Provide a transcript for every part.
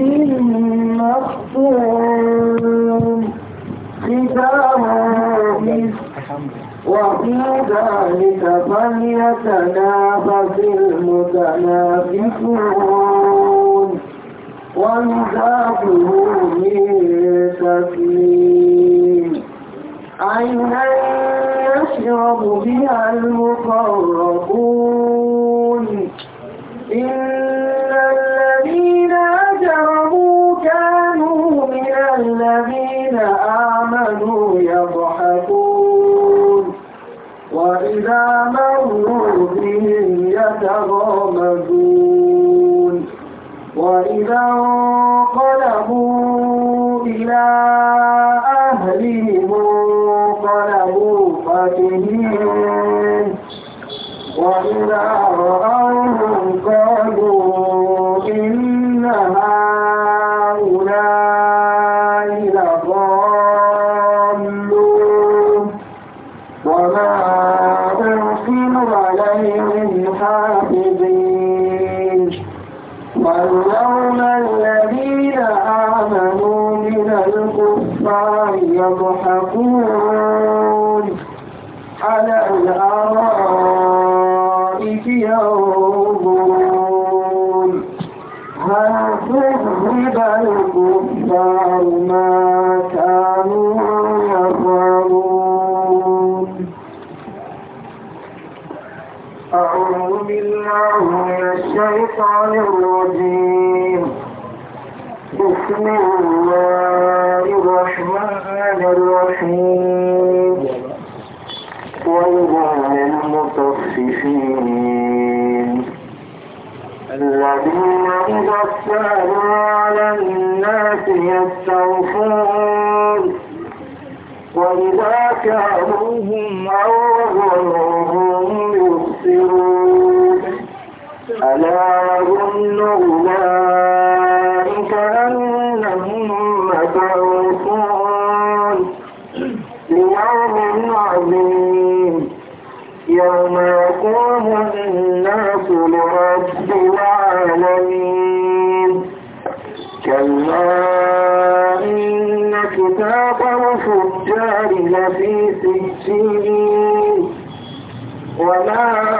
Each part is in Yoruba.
إن يستغفرون وإذا كانوهم أو غيرهم يخسرون ألا يظن الله في سجين وما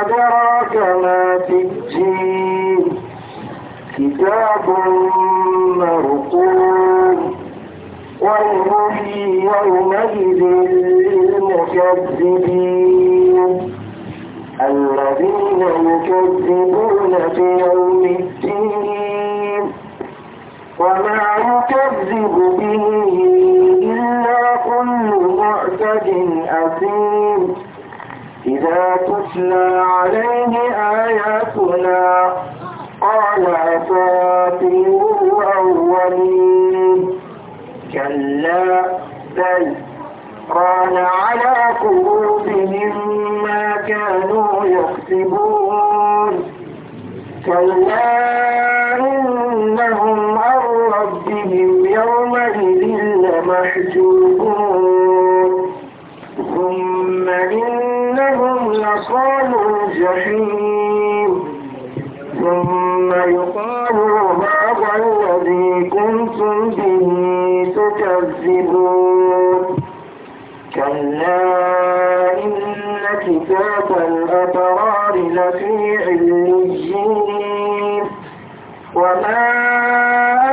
أدراك ما سجين كتاب مرقوم ويل يومئذ للمكذبين الذين يكذبون بيوم الدين وما يكذب به معتد أثيم إذا تتلى عليه آياتنا قال أساطير الأولين كلا بل قال على قلوبهم ما كانوا يكسبون كلا إنهم عن ربهم يومئذ لمحجوبون أصحاب الجحيم ثم يقال هذا الذي كنتم به تكذبون كلا إن كتاب الأبرار لفي علجين وما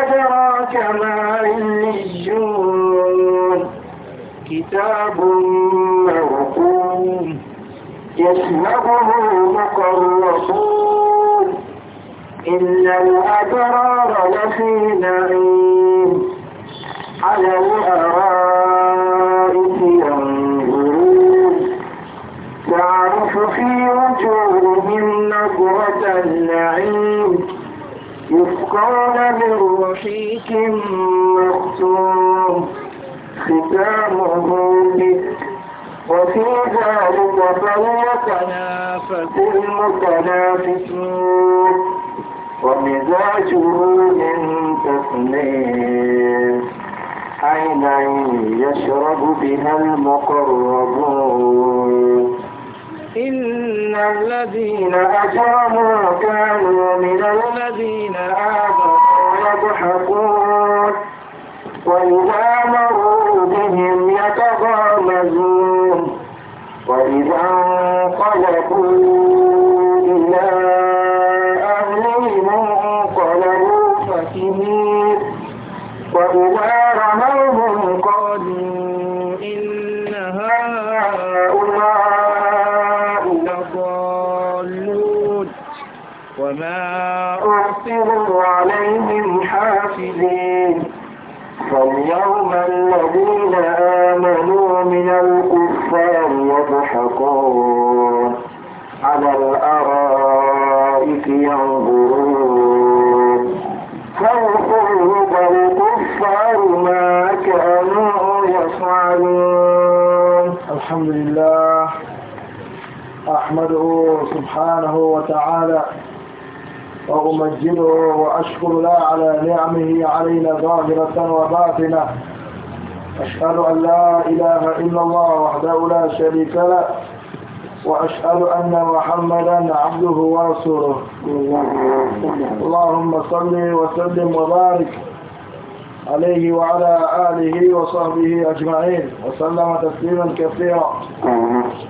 أدراك ما علجون كتاب يشهده المقربون إن الأبرار لفي نعيم على الأرائك ينظرون تعرف في وجوههم نظرة النعيم يسقون من رحيق مختوم ختامه مسك وفي ذلك فليتنافس المتنافسون ومزاجه من تسليم عينا يشرب بها المقربون إن الذين أجرموا كانوا من الذين آمنوا يضحكون وإذا مروا بهم يتغامزون Why do you ينظرون على الأرائك ينظرون فوقهم الكفار ما كانوا يفعلون الحمد لله أحمده سبحانه وتعالى وأمجده وأشكر له على نعمه علينا ظاهرة وباطنة أشهد أن لا إله إلا الله وحده لا شريك له وأشهد أن محمدا عبده ورسوله اللهم صل وسلم وبارك عليه وعلى آله وصحبه أجمعين وسلم تسليما كثيرا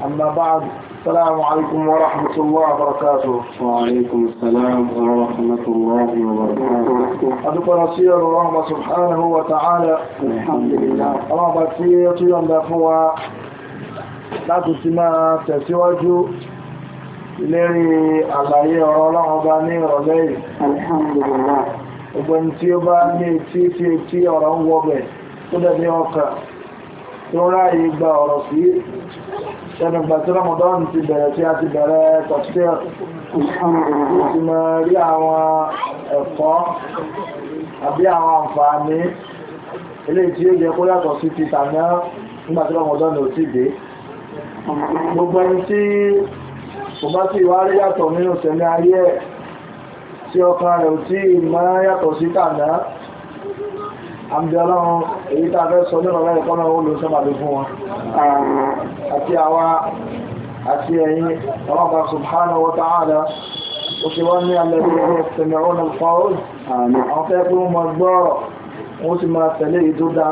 أما بعد السلام عليكم ورحمة الله وبركاته وعليكم السلام ورحمة الله وبركاته أدوك نصير الله سبحانه وتعالى الحمد لله الله بكثير يندفوا láti ti máa tẹ̀síwájú lérí àlàyé ọ̀rọ̀ ọlọ́run ọba ní ìrọ̀lẹ́ yìí alhamdulillah ọgbọ̀n tí ó bá ní etí tí etí ọ̀rọ̀ ń wọ́bẹ̀ tó dẹ̀ ní ọkà tó ráyè gba ọ̀rọ̀ sí ṣẹnugbà tí ramadan ti bẹ̀rẹ̀ tí a ti bẹ̀rẹ̀ tafsir ti mọ̀ rí àwọn ẹ̀kọ́ àbí àwọn àǹfààní eléyìí tí ó jẹ́ kó yàtọ̀ sí ti tàná nígbà tí ramadan ò ti dé gbogbo ẹni tí kò bá sí ìwà rí yàtọ̀ nínú sẹ̀mí ayé ẹ̀ tí ọkàn rẹ̀ ò tí ìmọ̀ yàtọ̀ sí tàdá àmì ọlọ́run èyí tàà fẹ́ sọ nínú ọ̀rẹ́ ìkọ́nà olùsọ́bàdé fún wọn àti àwa àti ẹ̀yin ọlọ́pàá subhanahu wa ta'ala ó ṣe wọ́n ní alẹ́ ìrìnlẹ́sẹ̀mẹ̀rún alfawọ́d àwọn fẹ́ kí wọ́n mọ̀ gbọ́rọ̀ wọ́n sì máa tẹ̀lé ìdó dáa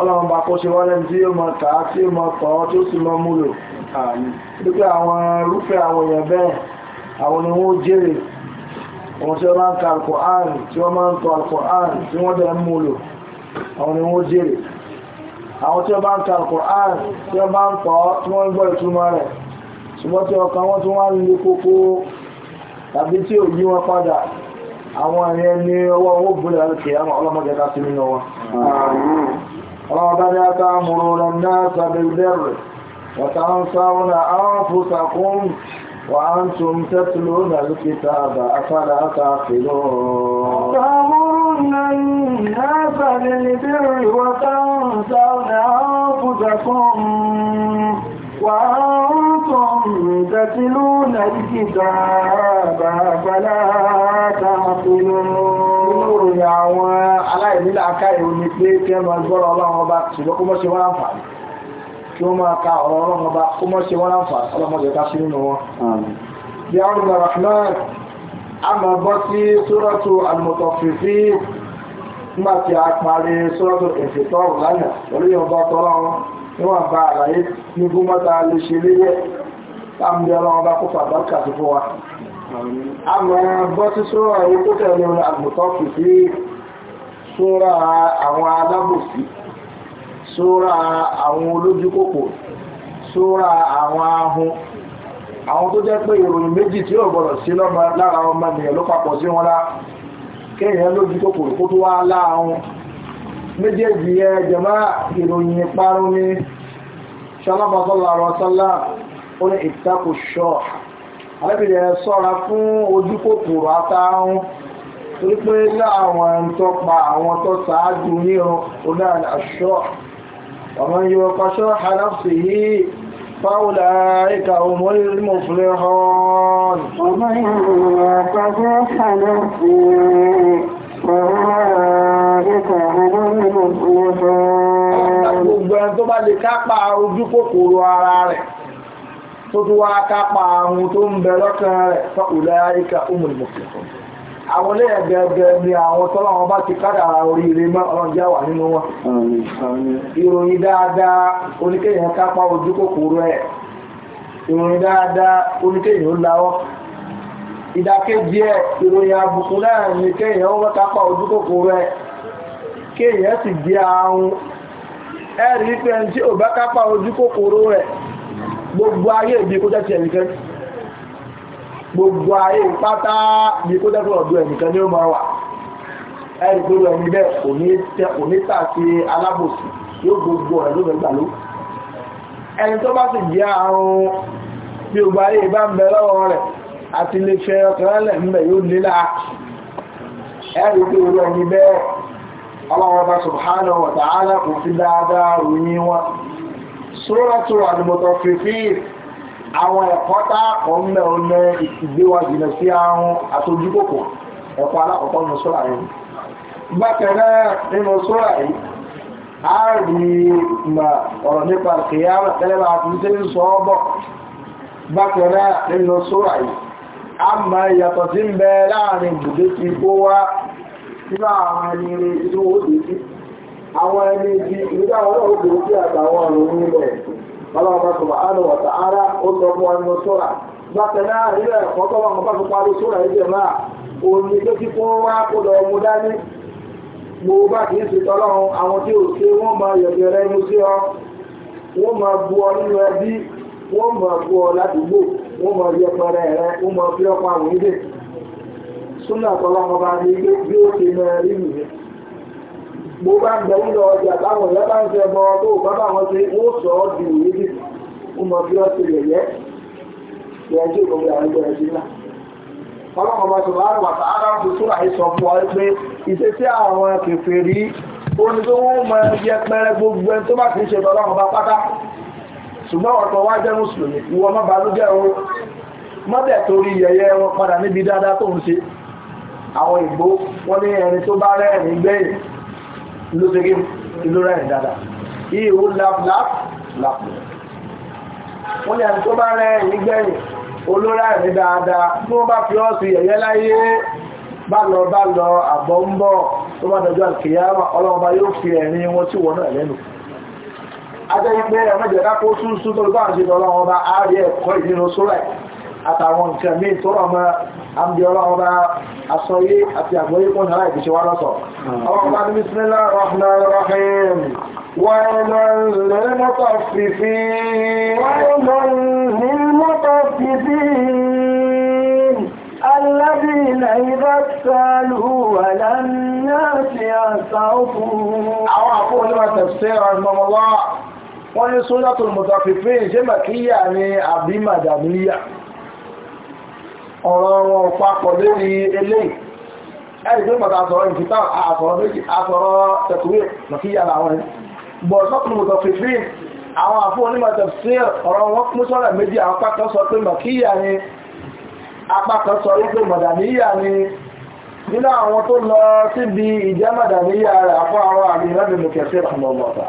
ọlọ́run bá kó ṣe wọ́n lẹ́nu tí yóò mọ tà á tí yóò mọ tọ́ tí ó sì mọ múlò àmì wípé àwọn irúfẹ́ àwọn èèyàn bẹ́ẹ̀ àwọn ni wọ́n jèrè àwọn tí wọ́n máa ń ka alkohol tí wọ́n máa ń tọ́ alkohol tí wọ́n dẹ̀ ń múlò àwọn ni wọ́n jèrè àwọn tí wọ́n bá ń ka alkohol tí wọ́n bá ń tọ́ tí wọ́n ń gbọ́ ìtumọ̀ rẹ̀ àwọn ẹ̀yẹn ní ọwọ́ owó búlẹ̀ láti àwọn ọlọ́mọdé ká sí nínú wọn. ربنا تأمرون الناس بالبر وتنسون أنفسكم وأنتم تتلون الكتاب أفلا تعقلون تأمرون الناس بالبر وتنسون أنفسكم وأنتم تتلون الكتاب أفلا تعقلون nínú ìròyìn àwọn aláìnílà akáyè omi pé kí wọ́n máa gbọ́rọ̀ ọlọ́run ọba ṣùgbọ́n kó mọ́ ṣe wọ́n láǹfààní kí wọ́n máa ka ọ̀rọ̀ ọlọ́run ọba kó mọ́ ṣe wọ́n láǹfààní ọlọ́mọdé ká sí nínú wọn. bí àwọn ọmọ rahman a máa bọ́ sí sórọ́tù àlùmọ̀tọ̀fìfì nígbà tí a parí sórọ́tù ìfìtọ́rù lánàá pẹ̀lú ìyọ̀nba a máa bọ́ sí sóra owó tó tẹ̀lé àgùntàn kù sí sóra àwọn alábòsí sóra àwọn olójúkòkò sóra àwọn ahun àwọn tó jẹ́ pé ìròyìn méjì tí ó gbọ́dọ̀ sí lọ́mọ lára ọmọ ènìyàn ló papọ̀ sí wọn lá kéèyàn lójú kòkòrò kó tó wá láàrún méjèèjì yẹ jẹmọ́ ìròyìn ìparun ní ṣọlọ́bọ̀sọ́lọ́ àrọ̀sọ́lá ó ní ìtakùṣọ́ arábìnrin sọ́ra fún ojú kòkòrò atáhùn torí pé láwọn tó pa àwọn tó ṣáájú ní ọ̀nà àṣọ ọmọ yóò kọṣọ́ àdáfì yìí fáwọlá ìka ọmọ ìrìnmọ̀ fúnlẹ̀ hàn ọmọ ìrìnmọ̀ kọṣọ́ àdáfì fáwọlá ìka ọmọ ìrìnmọ̀ fúnlẹ̀ hàn tutu tó wá kápá ahun tó ń bẹ lọ́kàn rẹ̀ fọ́kùlẹ̀ àríkà umùlùmùsùlùmù àwọn ilé ẹ̀gẹ̀ẹ̀gẹ̀ ni àwọn tọ́lá wọn bá ti kádàrà oríire mọ́ wà nínú wọn ìròyìn dáadáa oníkéèyàn kápá ojú kòkòrò ẹ̀ ìròyìn dáadáa oníkéèyàn ó lawọ́ ìdákéjì ẹ̀ ìròyìn àbùkù náà ni kéèyàn kápá ojú kòkòrò ẹ̀ kéèyàn sì ẹ̀rí pé ẹni tí ò bá kápá ojú gbogbo ayé ìbí kó gbogbo ayé pátá bí kó jẹ́ fún ẹnìkan ní ó máa wà ẹni tó ẹni bẹ́ẹ̀ kò ní alábòsí yóò gbogbo ẹ̀ ló gbà ló ẹni tó bá sì jẹ́ àrùn bí bá bẹ lọ́wọ́ rẹ̀ àti lè fẹ́ yóò sóràtò àdìmọ̀tọ̀fífín àwọn ẹ̀kọ́ tá ọ̀nà ọ̀nà ìgbéwà jìnà sí àwọn àtòjúkòkò ẹ̀kọ́ alákọ̀ọ́kọ́ nínú sóra yìí bákanáà nínú sóra yìí a rí ma ọ̀rọ̀ nípa kìyàmà tẹ́lẹ̀bà àti ṣe ń sọ ọ́ bọ̀ bákanáà nínú sóra yìí a ma yàtọ̀ sí àwọn ẹni ibi ìgbà àwọn òbèrè sí àtàwọn ọ̀rùn nílẹ̀ ọlọ́ọ̀bá sọ̀rọ̀ àánú ọ̀tà ara ó sọ fún ọmọ sọ́ra bákan náà ilé ẹ̀kọ́ tó wà wọn bá fi parí sọ́ra ilé máa òní tó ti fún wá kó lọ mú dání mo bá kì í ṣètò ọlọ́run àwọn tí ò ṣe wọ́n máa yọ̀gẹ̀ rẹ inú sí ọ wọ́n máa bu ọ nínú ẹbí wọ́n máa bu ọ wọ́n máa mo bá ń bẹ nínú ọjà táwọn ìyá bá ń jẹ ọmọ tó bá bá wọn ṣe ó sọ ọ́ di òye bí mo mọ bí wọ́n ṣe lè yẹ ìyẹn tí òkòkò àwọn ẹgbẹ́ ẹ̀ṣin náà. ọlọ́run ọba sọ̀rọ̀ àrùn àti aráàlú tó túnra yìí sọ fún ọ pé ìṣesí àwọn kèfèrí oní tó wọ́n mọ ẹgbẹ́ pẹrẹ gbogbo ẹni tó bá kì í ṣe ọlọ́run ọba pátá ṣùgbọ́n ọ̀tọ̀ wá jẹ́ mùsùlùmí ìwọ má bàlújẹ́ o mọ́tẹ̀ torí yẹ̀yẹ́ wọn padà níbi dáadáa tó ń ṣe àwọn ìgbó wọn ní ẹni tó bá rẹ́rìn gbẹ̀yìn ló ṣe gé ìlú rẹ̀ dáadáa yìí ó lápùlápù lápù wọ́n ní àti tó bá rẹ̀ nígbẹ̀yìn olóra rẹ̀ dáadáa tí wọ́n bá fi ọ́ sí ẹ̀yẹ́ láyé bá lọ bá lọ àbọ̀ ń bọ̀ tó bá dọjọ́ àkìyàmà ọlọ́ọba yóò fi ẹ̀rin wọn tí wọ́n náà lẹ́nu ajẹ́ pé àtàwọn nǹkan míì tó rọ̀ mọ́ àmì ọlọ́ọ̀bá asọ́yé àti àgbóyé kún náà ìbíṣẹ́ wá lọ́sọ̀ ọlọ́ọ̀bá ní bismillahir rahmanir rahim ويلا للمطففين ويلا للمطففين الذين إذا اكتالوا ولم يأت يسعفون أو أقول ما تفسير رحمه الله wọ́n ní suratul mutaffifin ṣe màkíyà ní àbí màdàmíyà ọ̀rọ̀ wọn papọ̀ lórí eléyìí ẹni tó pàtà sọ̀rọ̀ ìfìtà àsọ̀rọ̀ méjì àsọ̀rọ̀ tẹ̀tùwé lọ́kíyà làwọn ẹni bọ̀ sọ́kùnrin mọ̀tọ̀ fífín àwọn àfún onímọ̀ tẹ̀sí ọ̀rọ̀ wọn kún sọ́rọ̀ méjì àwọn apá ni apá kan sọ wípé ni nínú àwọn tó lọ síbi ìjẹ́ mọ̀dàníyà rẹ̀ àfọ́ àwọn àmì ìrẹ́bìnrin kẹsí ọ̀mọ̀mọ̀ta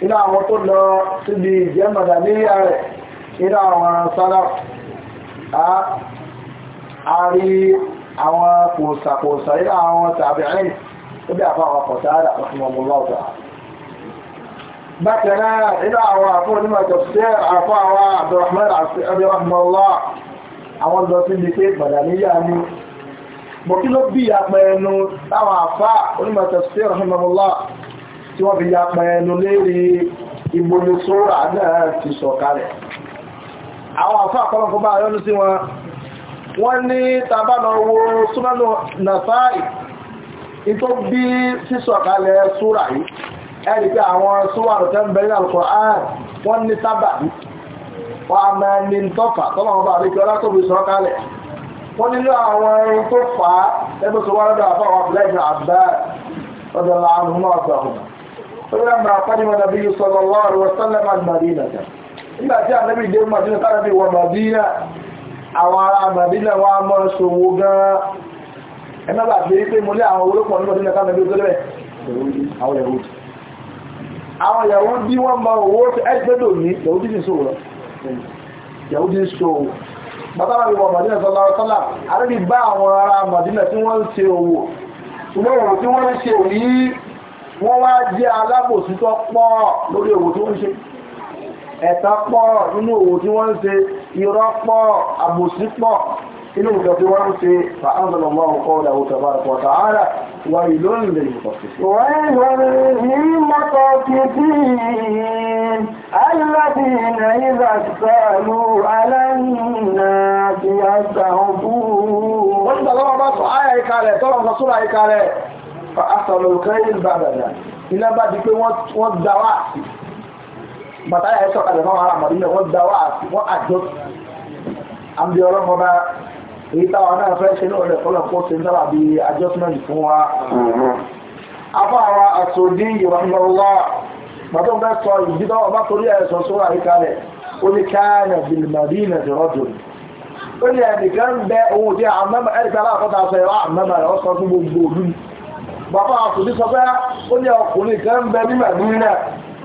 nínú àwọn tó lọ síbi ìjẹ́ a rí àwọn pòsàpòsà ilé àwọn tàbí'ìn tó bí àfá àwọn Qatada rahimahullahu ta'ala bákanáà ilé àwọn àfọ́ onímọ̀ tafsir àfọ́ àwọn Abdurrahman àti rahimahullah àwọn lọ sí ibi pé bàdàníyà ni mọ̀ kí ló àwọn àfá àkọlọ́kọ́ bá yọ́nú sí wọn wọ́n ní tàbá lọ wo súnmọ́nù nàfáì ìtó bí sísọ̀kalẹ̀ súra yìí ẹ̀rì pé àwọn súwà rọ̀tẹ́ ń bẹ̀rẹ̀ àlùkọ̀ ààrùn wọ́n ní sábàbí wọ́n a máa ní tọ́fà tọ́lọ́wọ́n bá àríkẹ́ ọlátòbí sọ̀kalẹ̀ wọ́n nílò àwọn ẹni tó fà á ẹgbẹ́ sọ wọ́n lọ́dọ̀ nígbà tí ànábì dé mọ̀dínà tánàbí wọ mọ̀dínà àwọn ará mọ̀dínà wá mọ́ ṣòwò gan ẹ̀mẹ́bà pé pé mo lé àwọn olóòpọ̀ ní mọ̀dínà tánàbí tó lẹ́bẹ̀ àwọn yahudi àwọn yahudi wọ́n mọ owó ẹgbẹ́dọ̀ ní yahudi sì ṣòwò lọ yahudi ṣòwò bàtàrà ìwọ̀ mọ̀dínà sọ́lá àrẹ́bí bá àwọn ará mọ̀dínà tí wọ́n ń ṣe owó ṣùgbọ́n òwò wá jẹ́ alábòsítọ́ pọ̀ lórí òwò tí ń ṣe ẹ̀ta pọ̀ nínú òwò tí wọ́n ń ṣe irọ́ pọ̀ àbòsí pọ̀ inú nǹkan tí wọ́n ń ṣe fàánzọ̀lọ̀ mọ́ ọkọ̀ ìdàwó tàbátàkọ̀ tààrà wà ìlú ìlú ìmọ̀tọ̀fífì الذين إذا اكتالوا على الناس يستهبون وانت لما بطوا آية ìkalẹ̀ tọ́rọ ìsọsúra ìkalẹ̀ fa asọ̀lọ̀ kẹ́yìn bàbàdà iná bá di pé wọ́n dáwà sí bàtàyà ẹ̀ sọ̀kalẹ̀ fáwọn ará màdínà wọ́n da wọ́n àjọ àmì ọlọ́mọ bá èyí táwọn náà fẹ́ ṣe náà rẹ̀ fọlọ́ kó ṣe ń sábà bí adjustment fún wa. afọ àwọn àsòdì ìrànlọ́wọ́ bàtà òun fẹ́ sọ ìdí tó ọba torí ẹ̀ sọ sórí àríkalẹ̀ ó ní káyà bìlì màdínà dìrọ́dù ó ní ẹnìkan bẹ ohun tí àmọ́mọ́ ẹ̀rí kan láàkọ́ta sọ ẹ̀rọ àmọ́mọ́ rẹ̀ bàbá àsòdì sọ pé ó ní ọkùnrin kan bẹ ní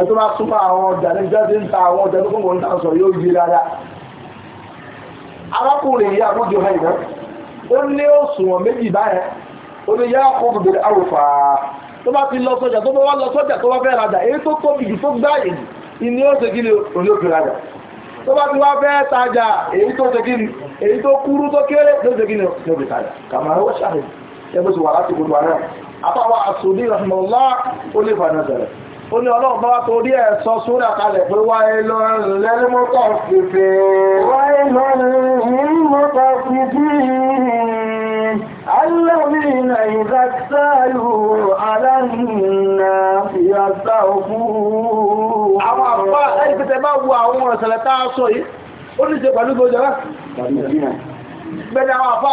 ẹ̀tọ́ bá súnmọ́ àwọn ọjà ní jẹ́ sí ń ta àwọn ọjà tó kún wọn tàà sọ yóò yí rárá arákùnrin yìí àbújọ ha ìná ó ní òṣùwọ̀n méjì báyẹn ó ní yá kó bèbèrè àwòfà tó bá ti lọ sọ́jà tó bá wá lọ sọ́jà tó bá fẹ́ rajà èyí tó tóbi jù tó gbá yìí ìní ó ṣe kí ni òní òfin rajà tó bá ti wá fẹ́ tajà èyí tó ṣe kí ni èyí tó kúrú tó kéré tó ṣe kí ni òbí tajà kàmáà ó ṣàlẹ̀ ẹgbẹ́ ó ní ọlọ́run bá wá torí ẹ̀ sọ súnrà kalẹ̀ pé wáyé lọ lẹ́nu mọ́tò fífẹ́ wáyé lọ lẹ́nu mọ́tò fífẹ́ الذين إذا اكتالوا على الناس يستغفرون àwọn àpá ẹgbẹ̀tẹ̀ bá wo àwọn ọ̀sẹ̀lẹ̀ táa sọ yìí ó ní ṣe pẹ̀lú gbogbo jẹ́lá gbẹ́dẹ̀ àwọn àpá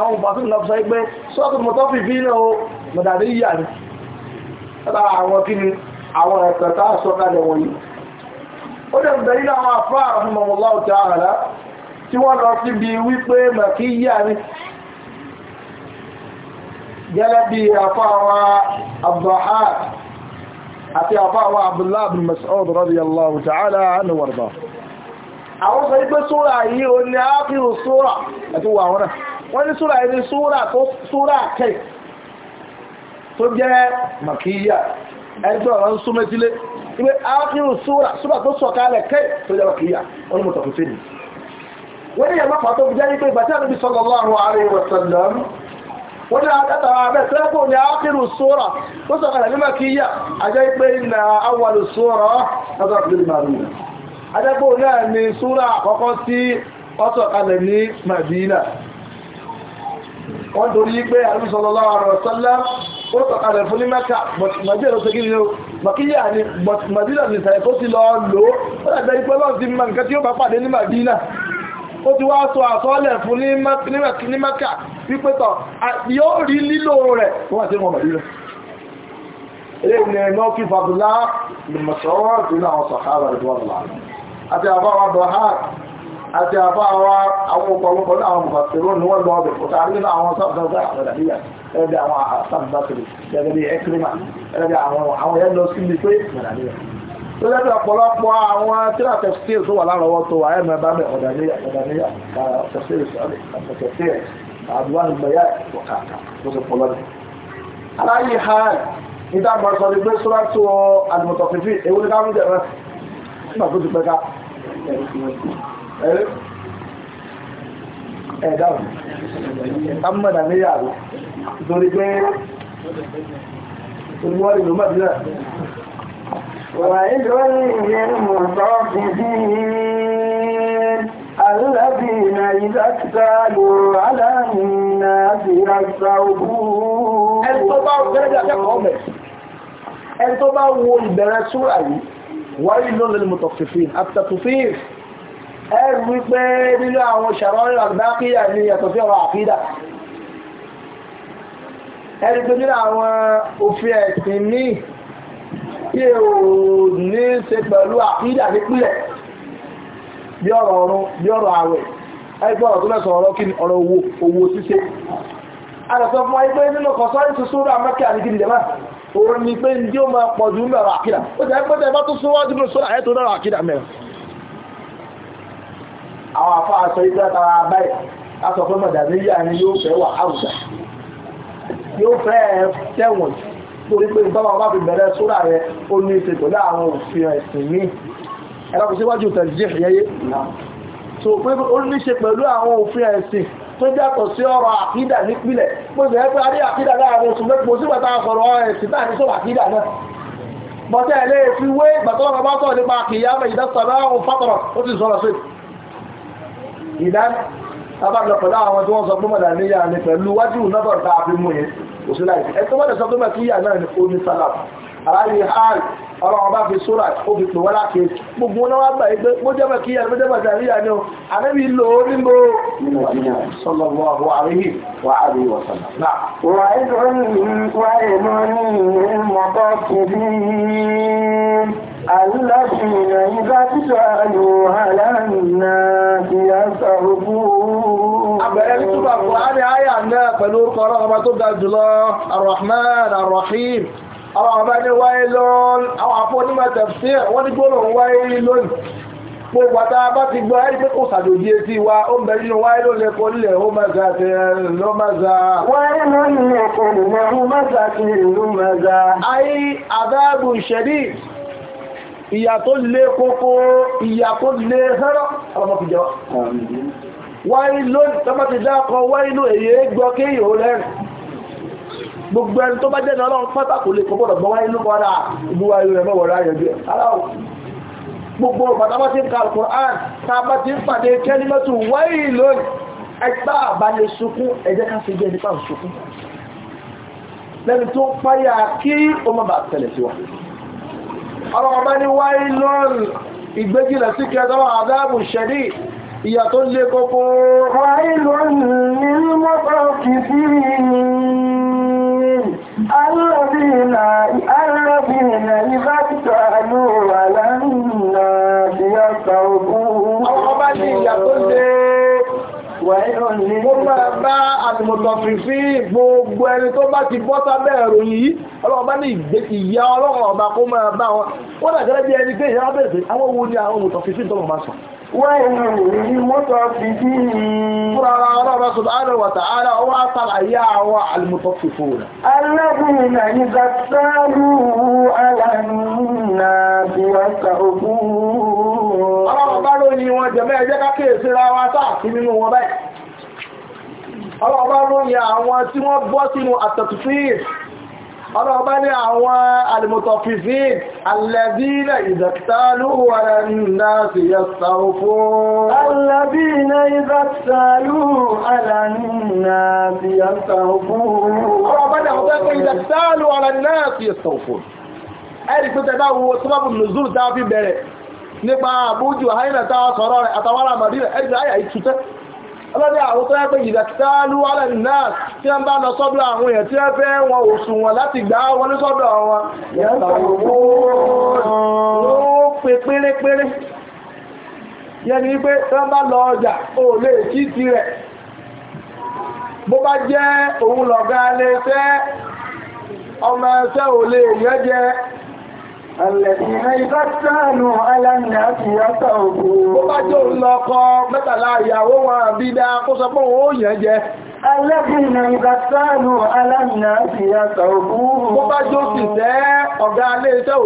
àwọn ọ̀bàtún lọ́pọ̀ sọ pé sọ́ọ̀tún mọ́tọ́fì bí náà mọ̀dàdé yìí àrí lára àwọn kí ni àwọn ẹ̀sẹ̀ tá a sọ kalẹ̀ wọ̀nyí ó dẹ̀ bẹ̀ nínú àwọn afá rahimahullahu ta'ala tí wọ́n lọ síbi wípé màkíyà ni gẹ́lẹ́ bí afá àwọn abdullahi àti afá àwọn abdullahi bin mas'ud radiyallahu ta'ala anhu warda àwọn sọ wípé súra yìí ní ápìrù súra àti wà wọn náà wọ́n tó jẹ́ màkíyà ẹjọ́ ọ̀rọ̀ ń súnmọ́ sílé wípé ápírù súra súra tó sọ kalẹ̀ kẹ́ tó jẹ́ màkíyà wọ́n mọ̀ tọ̀kù sínú wọ́n ní ẹ̀mọ́ pàtó fi jẹ́ wípé ìbàtí àti sallallahu alaihi wa sallam wọ́n ní àtàrà abẹ́ tẹ́lẹ̀kùn ní ápírù súra tó sọ kalẹ̀ ní màkíyà ajẹ́ pé ìnà awàlù súra lọ́sọ̀ fìlì màdínà torí pé àrùsọ̀lọ́lọ́ àrùsọ̀lọ́ ó tọ̀kalẹ̀ fún ní mẹ́ka mọ̀dílà ló ṣe kí ni ó mọ̀kíyà ni mọ̀dílà ní ìsàlẹ̀ tó ti lọ lò ó dàgbà ipẹ́ lọ́n ti mọ nǹkan tí ó bá pàdé ní mọ̀dílà ó ti wá sọ àsọ́ọ̀lẹ̀ fún ní mẹ́ka wípé tọ̀ yóò rí lílò rẹ̀ wọ́n àti wọn mọ̀dílà ilé-ìwé mọ́kí fàbùlá lè mọ̀ṣọ́rọ̀ ìpínlẹ̀ àwọn sọ̀hárà ìdúwọ̀n àti àbá àwọn ọ̀pọ̀lọpọ̀ àwọn mùsàtìrò ní wọ́n lọ ọ̀bẹ̀ kò tààrí nínú àwọn sábàtà àgbàdàbíyà ẹgbẹ́ àwọn sábàtìrì gẹ́gẹ́ bí ẹkìrìmà ẹgbẹ́ àwọn yẹn lọ sí ilé àgbàdàbíyà tó lẹ́gbẹ̀ẹ́ ọ̀pọ̀lọpọ̀ àwọn tíra tẹ̀sítíìs wà lárọ̀wọ́ tó wà ẹ̀mẹ́ bá mẹ́ ọ̀dàníyà ọ̀dàníyà tẹ̀sítíìs àdúrà nìgbẹ̀yà ọ̀kàkà tó ti pọ̀lọ́ aláyé ha ìdágbàsọ ni pé sọ́látò àdìmọ̀tọ̀fífì ewu ní ká mú jẹ̀rẹ̀ nígbà tó ti pẹ́ ká ẹ̀dáhùn eh? eh, amọ́dà ní yàrá torí pé olùmọ́rin ló mọ̀dínà الذين إذا اكتالوا على الناس يستوفون ẹni tó bá wo ìbẹ̀rẹ̀ súra yìí wáyé lọ́lẹ̀ mọ̀tọ̀fífín àtàtùfífín ẹ̀rù wípé nínú àwọn ṣàrọ́rí àgbákíyà ní yàtọ̀ sí ọ̀rọ̀ àfídà ẹ̀rù tó nínú àwọn òfin ẹ̀sìn ní tí ò ní ṣe pẹ̀lú àfídà nípìlẹ̀ bí ọ̀rọ̀ ọ̀run bí ọ̀rọ̀ àwẹ̀ ẹgbẹ́ ọ̀rọ̀ tó mẹ́sàn ọ̀rọ̀ kí ọ̀rọ̀ owó owó ṣíṣe àrẹ̀sọ fún ẹgbẹ́ nínú kọ̀sọ́rí ti súnrọ̀ amẹ́kẹ́ àríkìrì jẹ́mà òun ni pé ní ó máa pọ̀jù mẹ́rọ àkídà ó jẹ́ pẹ́tẹ́ bá tó súnwájú ní súnrọ̀ àyẹ́tò mẹ́rọ àkídà mẹ́rin àwọn afá aṣọ ìgbà tara báyìí aṣọ fún mọ̀dàmíyà ni yóò fẹ́ wà áwùjá yóò fẹ́ tẹ̀wọ̀n torí pé ìbáwọn bá fi bẹ̀rẹ̀ sóra rẹ̀ ó ní ṣe pẹ̀lú àwọn òfin ẹ̀sìn míì ẹ̀rọ síwájú tẹ̀jì yẹyẹ so pé ó ní ṣe pẹ̀lú àwọn òfin ẹ̀sìn tó jẹ́kọ̀ sí ọ̀rọ̀ àkídà nípìlẹ̀ pé bẹ̀rẹ̀ pé a rí àkídà láàrin oṣù mẹ́pọ̀ sí pẹ̀ta sọ̀rọ̀ ẹ̀sìn náà ní sọ̀rọ̀ àkídà náà bọ́tẹ́ ilé e fi wé ìgbàtọ́lọ́pàá sọ̀rọ̀ nípa kìyàmẹ̀ ìdásọ̀rọ̀ fátọ̀rọ̀ ó ti sọ̀rọ̀ sí ìdáni abájọ pẹ̀lú àwọn tí wọ́n sọ pọ́mọ̀dà níyà ní pẹ̀lú wájú náà bọ̀ tá a fi mú yẹn òṣèlú àìsí ẹ̀ tó wọ́n lè náà ní ó sálàpù aláyé hàn ọlọ́run bá fi sóra ó fi pè wọ́n láti gbogbo náà wá gbà yí pé bó jẹ́bẹ̀ kí ẹni jẹ́bẹ̀ tàbí ìyá ni ó ànábì lò ó nígbò sọlọ́wọ́ àwọn àríhì wà àyà náà pẹ̀lú orúkọ ọlọ́run tó ga jùlọ, Ar-Rahman, àwọn àbá ní wáyé lọ́n àwọn àfọ onímọ̀ tẹ̀sí wọ́n ní gbọ́dọ̀ wáyé lónìí gbogbo àtà bá ti gbọ́ ẹ́ pé kò sàdòdì etí wa ó ń bẹ nínú wáyé ló lẹ́kọ̀ọ́ nílẹ̀ ó má za tẹ̀ ló má za. wáyé ló ń lẹ́kọ̀ọ́ nílẹ̀ ó má za kí ló má za. ayé àdáàbò ìṣẹ̀dí gbogbo ẹni tó bá jẹ́ náà pátá kò lè kọ́bọ̀dọ̀ gbọ́ wáyé lóko ara ìbúwa irú rẹ̀ mọ̀wọ̀rọ̀ ayọ̀ bí ara o gbogbo bàtà bá ti ń ka alukur'an tá a bá ti ń pàdé kẹ́lí mẹ́tù wáyé lónìí ẹgbẹ́ àbálẹ̀ sunkún ẹ̀jẹ̀ ká fi jẹ́ nípa sunkún lẹ́ni tó páyà kí ó má bàa tẹ̀lẹ̀ sí ọ̀rọ̀ ọba ní wáyé lónìí ìgbéjìlẹ̀ sí kẹta الذين الذين إذا اكتالوا على الناس يصعقون Mo máa bá àtìmọ̀tọ̀fìfí gbogbo ẹni tó bá ti bọ́ sábẹ́ ẹ̀rọ yìí, ọlọ́run bá ní ìyá ọlọ́run ọba kó máa bá wọn. Wọ́n dàgẹ́rẹ́ bí ẹni pé ìyá wọn bẹ̀rẹ̀ pé àwọn wo ni àwọn mọ̀tọ̀fìfí tọ́lọ̀ máa sọ. الذين إذا اكتالوا على الناس يسعبون Ọlọ́run bá ló ní wọn jẹ̀mẹ́ ẹjẹ́ kákèé síra wa sáà àwọn tí wọ́n bọ́ sínú àtàtùfíì ọlọ́ọ̀bá ní àwọn alìmọ̀tọ̀fífí alẹ́bílẹ̀ ìdàkítàlú wàrà náà sí yẹ́sàó fún alẹ́bílẹ̀ ìdàkítàlú wàrà náà sí yẹ́sàó fún ọlọ́ọ̀bá ní àwọn tẹ́kọ̀ ìdàkítàlú wàrà náà sí yẹ́sàó fún ẹ̀rì tó tẹ́bá wo sọ́bàbù nùzúrù tá a fi ọlọ́ni àwọn tó yẹ pé ìdàkítàlú alẹ́ni náà tí wọ́n bá lọ sọ́dọ̀ àwọn èèyàn tí wọ́n fẹ́ wọn ò sùn wọn láti gbà wọn ní sọ́dọ̀ wọn ó pè pérépéré yẹn ni pé tí wọ́n bá lọ ọjà ó lè kí tirẹ̀ bó bá jẹ́ òun lọ̀gá lè fẹ́ ọmọ ẹsẹ́ ò lè yẹ́ jẹ́ Àlẹ̀sìnà ibá sáànù aláàrin àti yàtà òkú. Ó bá jẹ́ òun lọ kọ mẹ́tàlá ìyàwó wọn àbí dá kó sọ pé òun ó yẹn jẹ. Àlẹ́sìnà ibá sáànù aláàrin àti yàtà òkú. Ó bá jẹ́ òsì tẹ́ ọ̀gá aléeṣẹ́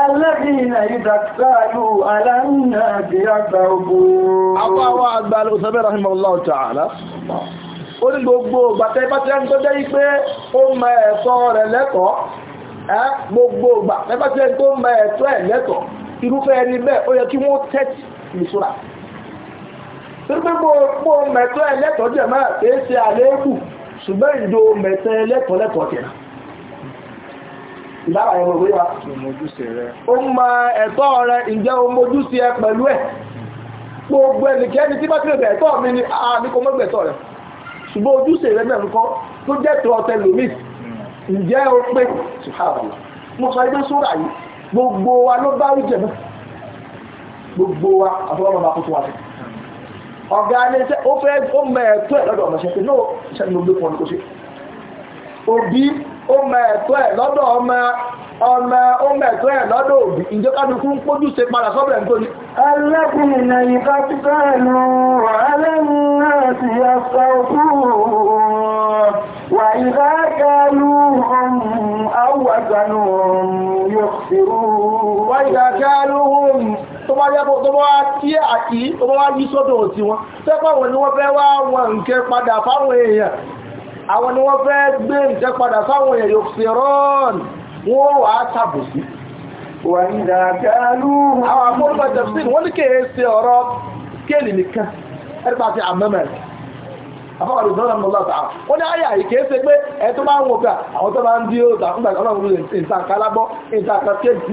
Alẹ́bìnà ìdàksáàlù aláìnà àti àgbà ogun. Àwọn àwọn àgbà ló sọ́bẹ̀ rahimahullah ta'ala. Ó ní gbogbo gbàtẹ́ ìbátẹ́ ń tó jẹ́ wípé ó mọ ẹ̀tọ́ rẹ̀ lẹ́kọ̀ọ́. Ẹ́ gbogbo gbàtẹ́ ìbátẹ́ tó mọ ẹ̀tọ́ ẹ̀ lẹ́kọ̀ọ́. Irúfẹ́ ẹni bẹ́ẹ̀ ó yẹ kí wọ́n tẹ́tì nìṣúra. Torípé gbogbo mẹ̀tọ́ ẹlẹ́kọ̀ọ́ lẹ́kọ̀ọ́ ìdára ẹ̀mọ̀ wé wa o mọ ẹ̀tọ́ rẹ ǹjẹ́ o mójúsí ẹ pẹ̀lú ẹ̀ gbogbo ẹnikẹ́ni tí bá ti rẹ̀ ẹ̀tọ́ mi ni a ah, ní kò mọ́gbẹ̀tọ́ rẹ̀ ṣùgbọ́n ojúṣe rẹ̀ náà nǹkan tó jẹ́ tó ọtẹ lòmí ǹjẹ́ o pé ṣùgbọ́n mo sọ ẹgbẹ́ sóra yìí gbogbo wa ló bá rí jẹ̀mú gbogbo wa àfọwọ́n máa kó tó òbí ó mọ ẹ̀tọ́ ẹ̀ lọ́dọ̀ ọmọ ọmọ ó mọ ẹ̀tọ́ ẹ̀ lọ́dọ̀ òbí ìjẹ́ kálukú ń pójú ṣe padà sọ́bẹ̀ ń tó ní. ẹlẹ́kùnrin náà yìí ká ti bẹ́ẹ̀ tó bá yẹ́ tó bá tí àkí tó bá wá yí sọ́dọ̀ òsì wọn tẹ́pọ̀ wọn ni wọ́n fẹ́ wá wọn nǹkan padà fáwọn èèyàn àwọn ni wọ́n fẹ́ gbé nǹkan padà fáwọn èrè òfìrọ́ọ̀n wọ́n wà á tàbùsí wọ́n ń dàgbàlú àwọn akọ́lùmọ̀ tẹ̀sìn wọ́n ní kèé ṣe ọ̀rọ̀ kéèlì nìkan ẹ̀rọ àti àmẹ́mẹ́rẹ̀ afọ́wàlù ìdánwò àmì ọlọ́ta ó ní àyà ìkéé ṣe pé ẹ̀ tó bá ń wò pé àwọn tó bá ń dí òòtà fún ìgbàgbọ́ ọlọ́run ìtàkà alábọ́ ìtàkà kéèkì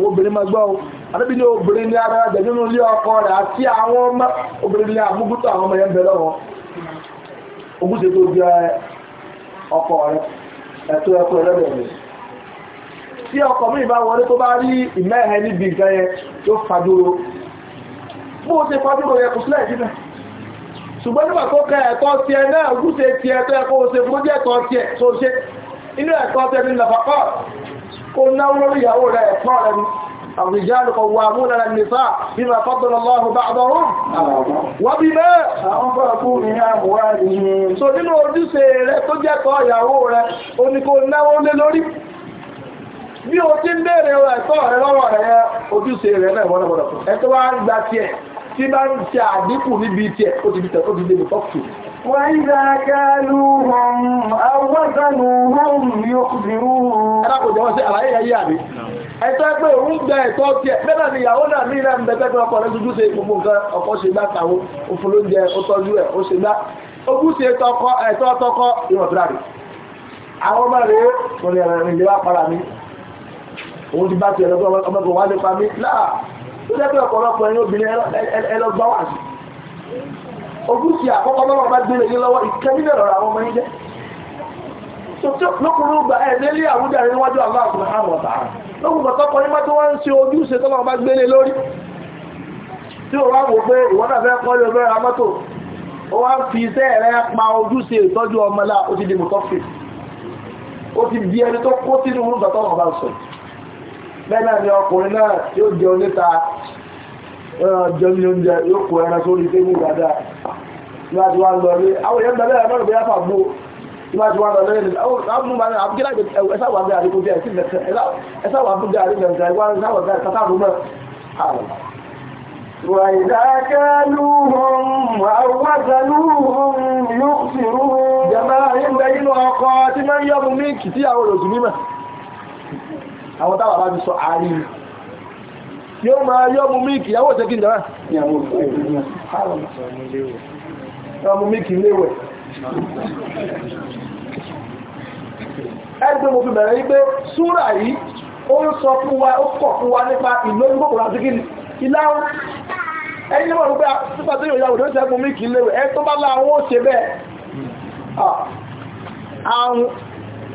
obìnrin máa gbọ́ o àdébí ní obìnrin ní ara jẹ nínú ilé ọkọ rẹ̀ àti àwọn ọmọ obìnrin ní àmúgútó àwọn ọmọ yẹn ń bẹ lọ́wọ́ ogún ṣe tó jẹ ọkọ rẹ̀ ẹ̀tọ́ ẹ̀kọ́ ẹlẹ́bẹ̀rẹ̀ tí ọkọ mi bá wọlé tó bá rí ìmẹ́ẹ̀hẹ́ níbi nǹkan yẹn tó fàdúró bó ṣe fàdúró yẹ kò sílẹ̀ ìdíbẹ̀ ṣùgbọ́n nígbà tó kẹ ẹ̀tọ́ tiẹ̀ náà ogún ṣe tiẹ̀ tó ẹ̀kọ́ ṣe fún jẹ́ ẹ̀tọ́ tiẹ̀ tó ṣe inú ní nàfàkọ́ kó náwó lórí ìyàwó rẹ̀ ẹ̀tọ́ rẹ̀ ni الرجال قوامون على النساء بما فضل الله بعضهم وبما أنفقوا من أموالهم so nínú ojúṣe rẹ̀ tó jẹ́ tọ́ ìyàwó rẹ̀ ó ní kó náwó lé lórí bí o ti ń bèèrè ẹ̀tọ́ rẹ̀ lọ́wọ́ rẹ̀ ojúṣe rẹ̀ náà wọ́n lọ́wọ́ rẹ̀ ẹ̀tọ́ wá ń gba tiẹ̀ tí bá ń ṣe àdínkù níbi tiẹ̀ ó ti dé mi fọ́ọ̀kì وإذا كالوهم أو وزنوهم يخبرون أنا أقول جواسي على أي أيامي ẹ̀tọ́ pé òun gba ẹ̀tọ́ ti ẹ̀ ni ìyàwó náà ní ìlànà ìbẹ̀tẹ́ pé ọkọ rẹ̀ dúdú ṣe gbogbo nǹkan ọkọ ṣe gbá kàwó òfin ló ń jẹ ó tọ́jú ẹ̀ ó ṣe gbá ogún ṣe ẹ̀tọ́ rẹ̀ kò ní ẹ̀rọ ìjọba para ti bá ti ẹ̀rọ ọmọkùnrin wá nípa mi láà ó jẹ́ pé ọ̀pọ̀lọpọ̀ ẹni obìnrin ẹlọgbọ́n wà sí ojúṣe àkọ́kọ́ lọ́wọ́ bá gbé lẹ́yìn lọ́wọ́ ìkẹ́mílẹ̀ lọ́rọ̀ àwọn ọmọ yín jẹ́ lókùnrin gba ẹ̀ẹ́dẹ́lé àwùjọ àrẹ níwájú Allah subhanahu wa ta'ala lókùnrin gbà tọ́kọ nígbà tó wá ń ṣe ojúṣe tọ́lọ́ bá gbélé lórí tí ó wá wò pé ìwọ́n náà fẹ́ kọ́ lórí ọmọ tó ó wá ń fi iṣẹ́ rẹ̀ pa ojúṣe ìtọ́jú ọmọlá ó ti di mọ̀tọ́fì ó ti di ẹni tó kó sínú orúkọ tọ́lọ́ bá ń sọ bẹ́ẹ̀ náà ni ọkùnrin náà tí ó jẹ oníta ọjọ́ ní oúnjẹ yóò kó ẹran sórí tébù dáadáa nígbà tí wọ́n lọ rí àwọn èèyàn bẹ̀rẹ̀ ẹ̀rọ ìgbé yàtọ̀ àgbo nígbà tí wọ́n lọ rí àwọn ọmọ àbúkí láti ẹ̀sà wà bí àríkò jẹ́ ẹ̀sà wà bí àríkò jẹ́ ẹ̀sà wà bí àríkò jẹ́ وإذا كالوهم أو وزنوهم يخسرون جماعة ينبين أقاتما يظلمك تي أولو زميمة أو طبعا بسعالي yóò máa yọ́ mú míìkì yàwó ìtẹ́ kí n dára ọmọ míìkì léwẹ̀ ẹgbẹ́ mo fi bẹ̀rẹ̀ wípé súrà yìí ó ń sọ fún wa ó kọ̀ fún wa nípa ìlóyún kòkòrò àti kíni ìlàwó ẹni ní wọ́n pé pípa tó yóò yàwó ló ń sẹ́gun míìkì léwẹ̀ ẹ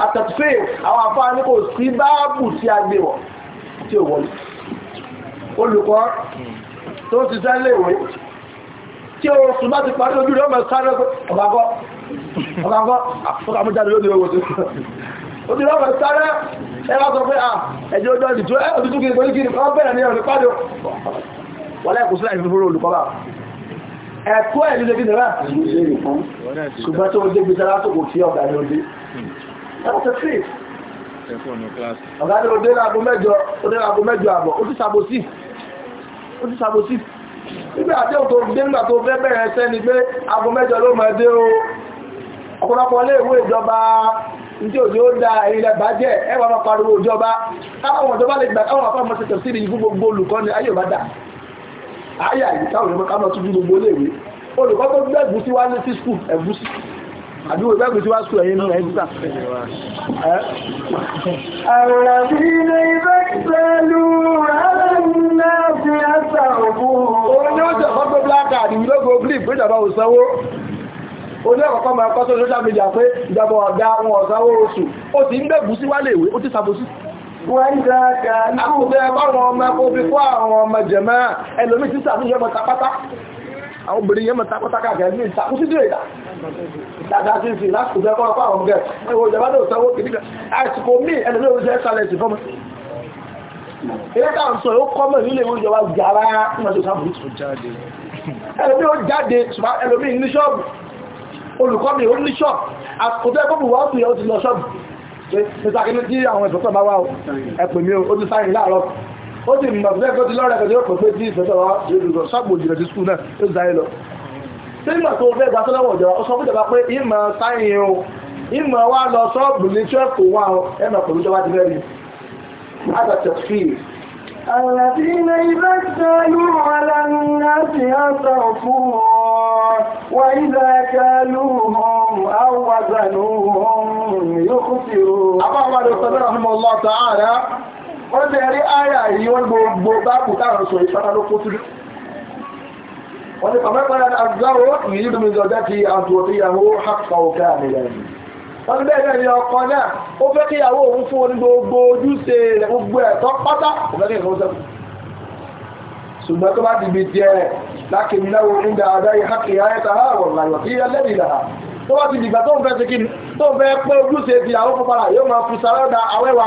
àtàtúfẹ́ àwọn afáàní kò sí báàbù tí a gbé wọ̀ tí ó wọlé olùkọ́ tó ti sẹ́lẹ̀ ìwé tí ó sùn bá ti parí ojú rẹ̀ ọmọ sáré ọ̀bàgọ́ ọ̀bàgọ́ àfọ́kàmújáde ah, lórí owó tó ó ti rọ́pẹ̀ sáré ẹwà sọ pé ẹjọ́ ọjọ́ ìdìtò ẹ̀ òtútù kìí pẹ̀lú kìí kan bẹ̀rẹ̀ ní ọ̀rẹ́ pàdé wọ́n lẹ́kùn sílẹ̀ ìfúnfúnrú olùkọ́ bá ẹ̀kọ́ ẹ̀ nílé bí nìrà ṣùgbọ́n tó ń dé gbé sára tó kò fi ọ̀gá ní ọdé ọ̀sẹ̀fíìs ọ̀gá ní odé láago mẹ́jọ odé láago mẹ́jọ àbọ̀ ó ti sàbòsí ó ti sàbòsí nígbà àti òtò dé nígbà tó fẹ́ bẹ̀rẹ̀ ẹsẹ́ ni pé aago mẹ́jọ ló mọ̀ ẹdẹ́ o ọ̀pọ̀lọpọ̀ ilé ìwé ìjọba ní òjò ó da ilẹ̀ bàjẹ́ ẹ wà máa pariwo ìjọba káwọn ìjọba lè gbà káwọn àpamọ́ ṣe tẹ̀sí ìrìn fún gbogbo olùkọ́ ni ayé òbá dà ayé àyíká òyìnbó ká máa tún gbogbo ilé ìwé olùkọ́ tó gbẹ̀gùn sí wá ní sí skul ẹ̀gùn sí àbí wọ́n ìgbàgbé tí wá sùn ẹ̀yìn náà ẹ̀dùn الذين إذا اكتالوا على الناس يسعبون Oní ó jẹ́ ọ̀pọ̀ bláka àdìyí lógo blip pé ìjọba ò sanwó. Oní ọ̀pọ̀ máa kọ́ tó social media pé ìjọba ọ̀dá wọn ọ̀sánwó oṣù. Ó ti ń bẹ̀gù sí wálé ìwé, ó ti sàbòsí. Wọ́n dá kàánú. Àkùnbẹ̀ báwọn ọmọ àwọn obìnrin yẹn mọ̀ takọ́takà gẹ̀ẹ́sì ní ìtakùsídìí rẹ̀ dáadáa sí sí láti ìjẹ́ kọ́ ọ̀pá àwọn gẹ̀ẹ́ ẹwọ ìjọba náà sanwó kìí nígbà àìsìkò míì ẹni ló ń ṣe ṣàlẹ̀sì fọ́mọ ilé táwọn sọ yóò kọ́ mọ̀ nílé ìwé ìjọba gàrá nígbàtí ó sábà tó jáde ẹlòmí ó jáde ṣùgbọ́n ẹlòmí ní ṣọ́ọ̀bù olùkọ́ mi ó ní ṣọ́ọ̀bù àkótó ẹgbẹ́ bù wọ́n fi ọ ti lọ ṣọ́ọ̀bù nítorí kí ó ti mọ̀ sílẹ̀ kó ti lọ́rẹ̀ kó ti rọ́pò pé bí ìfẹ́ sọ̀rọ̀ ìrùsọ̀ sápò jìnà sí skul náà ó ti dáyé lọ tí ìgbà tó fẹ́ gbà sọ́lọ́wọ́ ìjọba ó sọ fún ìjọba pé ìmọ̀ sáyìn o ìmọ̀ wa lọ sọ́ọ̀bù ní tíwẹ́kù wa ẹ̀mọ̀ pẹ̀lú ìjọba ti fẹ́ rí الذين إذا اكتالوا على الناس يصرفون وإذا كالوهم أو وزنوهم يخسرون أبا الله wọ́n tẹ́ rí àyà yìí wọ́n gbogbo báàbù táwọn sọ ìfẹ́ ló kó sílẹ̀ wọ́n ni pàmẹ́pàá àgbáwò yìí lómi ìjọba ti àtúwọ̀tíyàwó hapsa òkè àmìlẹ̀ yìí wọ́n ní bẹ́ẹ̀ ní ọkọ náà ó fẹ́ kí ìyàwó òun fún ní gbogbo ojúṣe rẹ̀ gbogbo ẹ̀tọ́ pátá tó bá ti dìgbà tó ń fẹ́ kí ni tó ń fẹ́ pé ojúṣe ti àwọn fúnpara yóò máa fi àwẹ́wà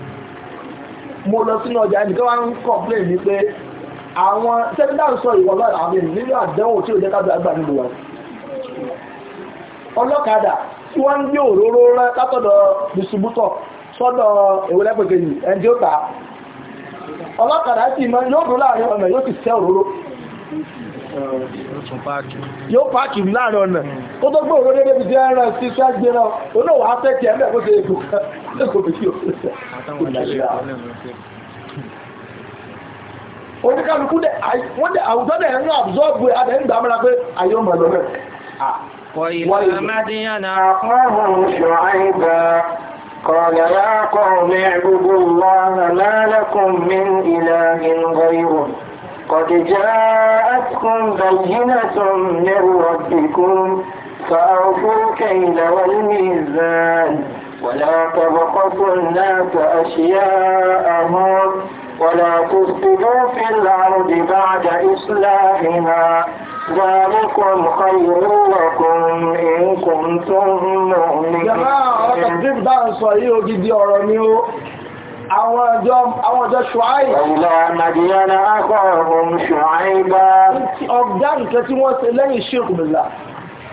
mo lọ sínú ọjà ẹnìkan wá ń complain ní pé àwọn sẹ́ńdà ń sọ ìwọ lọ́dà àmì nínú àdánwò tí ò jẹ́ kábíyà gbà ọlọ́kadà tí wọ́n ń gbé òróró rán látọ̀dọ̀ distributor sọ́dọ̀ ìwọlẹ́pẹ̀kẹ̀ yìí ẹni ó ta. ọlọ́kadà sì mọ́ yóò dúró láàrin ọ̀nà yóò sẹ́ òróró yóò páàkì láàrin ọ̀nà tó gbé òróró jẹ́ sí oníkàlùkù wọ́n dẹ̀ àwùjọ dẹ̀ ń àbùsọ́ọ̀bù adẹ̀ ń gbàmọ́ra pé ayé ọmọ ẹ̀lọ́ rẹ̀ وإلى مدين أخاهم شعيبا قال يا قوم اعبدوا الله ما لكم من إله غيره قد جاءتكم بينة من ربكم فأوفوا الكيل والميزان ولا تبخسوا الناس أشياءهم ولا تفسدوا في الأرض بعد إصلاحها ذلكم خير لكم إن كنتم مؤمنين. جماعة ọ̀rọ̀ تقديم bá ń sọ yìí ògidì ọ̀rọ̀ ni ó àwọn ọjọ́ àwọn ọjọ́ ṣùáì ìlà màdìyàn akọ̀ọ̀hún ṣùáì bá ọgbà nǹkan tí wọ́n ṣe lẹ́yìn ṣírkùnlá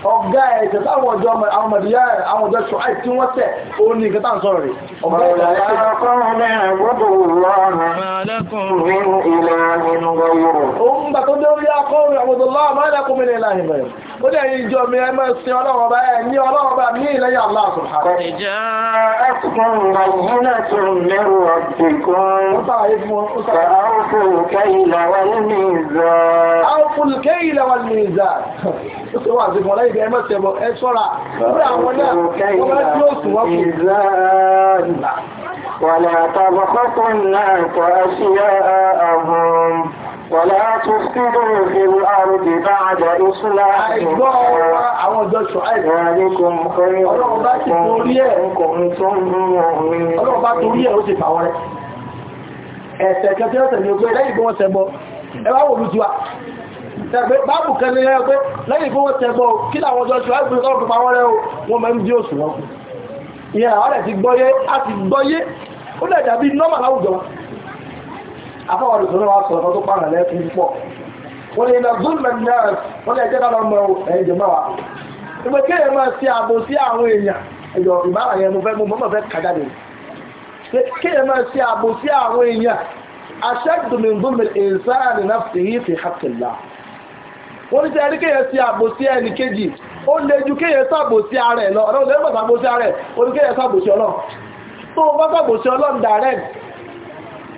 ọ̀gá ẹ̀ṣẹ̀ táwọn ọjọ́ àwọn mọ̀díyà àwọn ọjọ́ ṣùgbọ́n tí wọ́n tẹ̀ ó ní nǹkan tá à ń rẹ̀ ọ̀gá ẹ̀ṣẹ̀ ó ń gbà tó dé orí akọ́rin àwọn ọ̀dọ́lá àmàlẹ́kùnrin ìlànà ìbẹ̀rẹ̀ ó dẹ̀ ìjọ mi ẹ máa sin ọlọ́run ọba ẹ ní ọlọ́run ọba ní ilẹ̀ ìgbà ẹmọ́ tẹ̀bọ̀ ẹ sọ́ra nígbà àwọn náà wọ́n bá tí ó sùn wọ́n kù. ولا تبخسوا في الأرض بعد إصلاحها ذلكم خير إن كنتم مؤمنين. ẹ̀sẹ̀ kẹtẹ́ ọ̀sẹ̀ ni ó gbé lẹ́yìn bí wọ́n ṣẹbọ ẹ wá wò ẹgbẹ́ báàbù kan ní ẹgbẹ́ lẹ́yìn fún wọ́n tẹ̀gbọ́ kí làwọn ọjọ́ ṣe láti fún ọdún pàwọ́rẹ́ o wọ́n mẹ́ ń dí òṣù wọn ìyẹn àwọn rẹ̀ ti gbọ́yé a ti gbọ́yé ó lẹ̀ dàbí nọ́mà láwùjọ afọwọ́dù tó náà wá sọ̀rọ̀ kan tó pààrọ̀ lẹ́kùn púpọ̀ wọ́n lè nà zoom and nerves wọ́n lè jẹ́ káwọn ọmọ ẹ̀yìn jẹ́ máa wa ìgbẹ́ kí èèyàn máa wọ́n ní sẹ́yìn kéèyàn sí àbòsí ẹnì kejì ó lè ju kéèyàn sàbòsí ara ẹ̀ lọ ọ̀rọ̀ òṣèlú bàtà àbòsí ara ẹ̀ ó ní kéèyàn sàbòsí ọlọ́run tó o bá sàbòsí ọlọ́run direct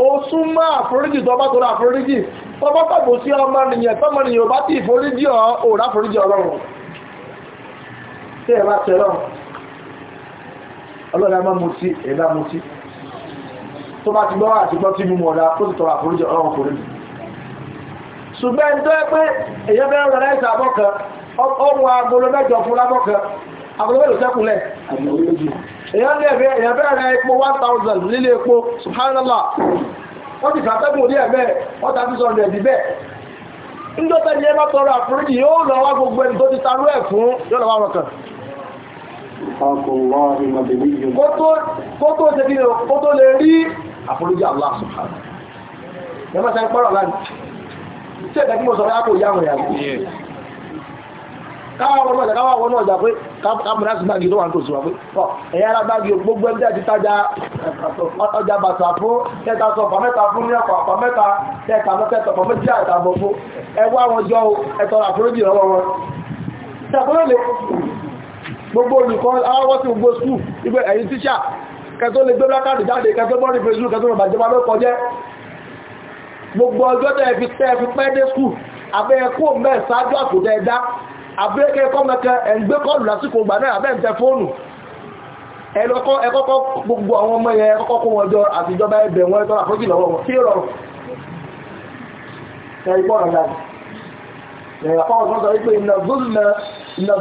o súnmọ́ àforíjì tó bá tó ra àforíjì tó bá sàbòsí ọmọ nìyẹn tọ́mọ nìyẹn ò bá tí ìforíjì ọ̀ ò rá àforíjì ọlọ́run tẹ́ẹ̀ bá tẹ́ lọ́run ọlọ́run a máa mutí ẹ̀dá mutí tó bá ti gbọ́ àti gbọ́ tí mímú ọ̀dá tó ti tọrọ àforíjì ọlọ́run foríjì ṣùgbọ́n tó ẹ pé èyàn bẹ́ẹ̀ rẹ̀ láìsà abọ́kan ọmọ agolo mẹ́jọ fún lábọ́kan agolomẹ́lò sẹ́kùnlẹ̀ èyàn bẹ́ẹ̀ rẹ̀ epo 1000 lílé epo subhanallah wọ́n ti fàtẹ́gùn ní ẹ̀mẹ́ wọ́n ta 600 ìbẹ́ ńdọ́tẹ́ ni ẹ bá tọrọ àforíjì yóò lọ wá gbogbo ẹni tó ti tarú ẹ̀ fún yóò lọ wá wọn kan kó tó ṣe kí ni kó tó lè rí àforíjì Allah subhanahu tí ẹ̀kẹ́ tí mo sọ fẹ́ kò yá àwọn ìyàwó káwọn ọmọ ọ̀dà káwọn ọmọ ọ̀dà pé kámúra sí báàgì tó wà ní tòsí wa pé ọ ẹ̀yà ara báàgì gbogbo ẹgbẹ́ àti tájà ọjà bàtà fún tẹ́ta sọ ọ̀pá mẹ́ta fún ní ọ̀pá ọ̀pá mẹ́ta tẹ́ta mẹ́ta ọ̀pá mẹ́ta ẹ̀ta bọ̀ fún ẹwọ́ àwọn ọjọ́ ẹ̀tọ́ àforíjì lọ́wọ́ wọn. ṣàkóso lè gbogbo olùkọ́ aláwọ̀ sí gbogbo skul ìgbẹ́ ẹ̀yìn tíṣà kẹtó lè gbé blákàdì jáde kẹtó bọ́ọ̀lì facebook kẹtó lè bàjẹ́ gbogbo ọjọ́ tẹ́ fi tẹ́ fi pẹ́ dé skul abẹ́ ẹkú mẹ́ ṣáájú àkùdẹ ẹ̀dá abẹ́kẹ́ kọ́mẹ́kẹ́ ẹ̀ǹgbé kọlù lásìkò gbà náà abẹ́ ǹtẹ fóònù ẹ̀kọ́kọ́ gbogbo àwọn ọmọ yẹn ẹ̀kọ́kọ́ kó wọn jọ àtijọba ẹbẹ̀ wọn tọ́ra fójì lọ́wọ́ wọn ما rọrùn ẹ̀rìkọ́rọ̀ dáadáa ẹ̀yàpá ọ̀sán sọ wípé ìnà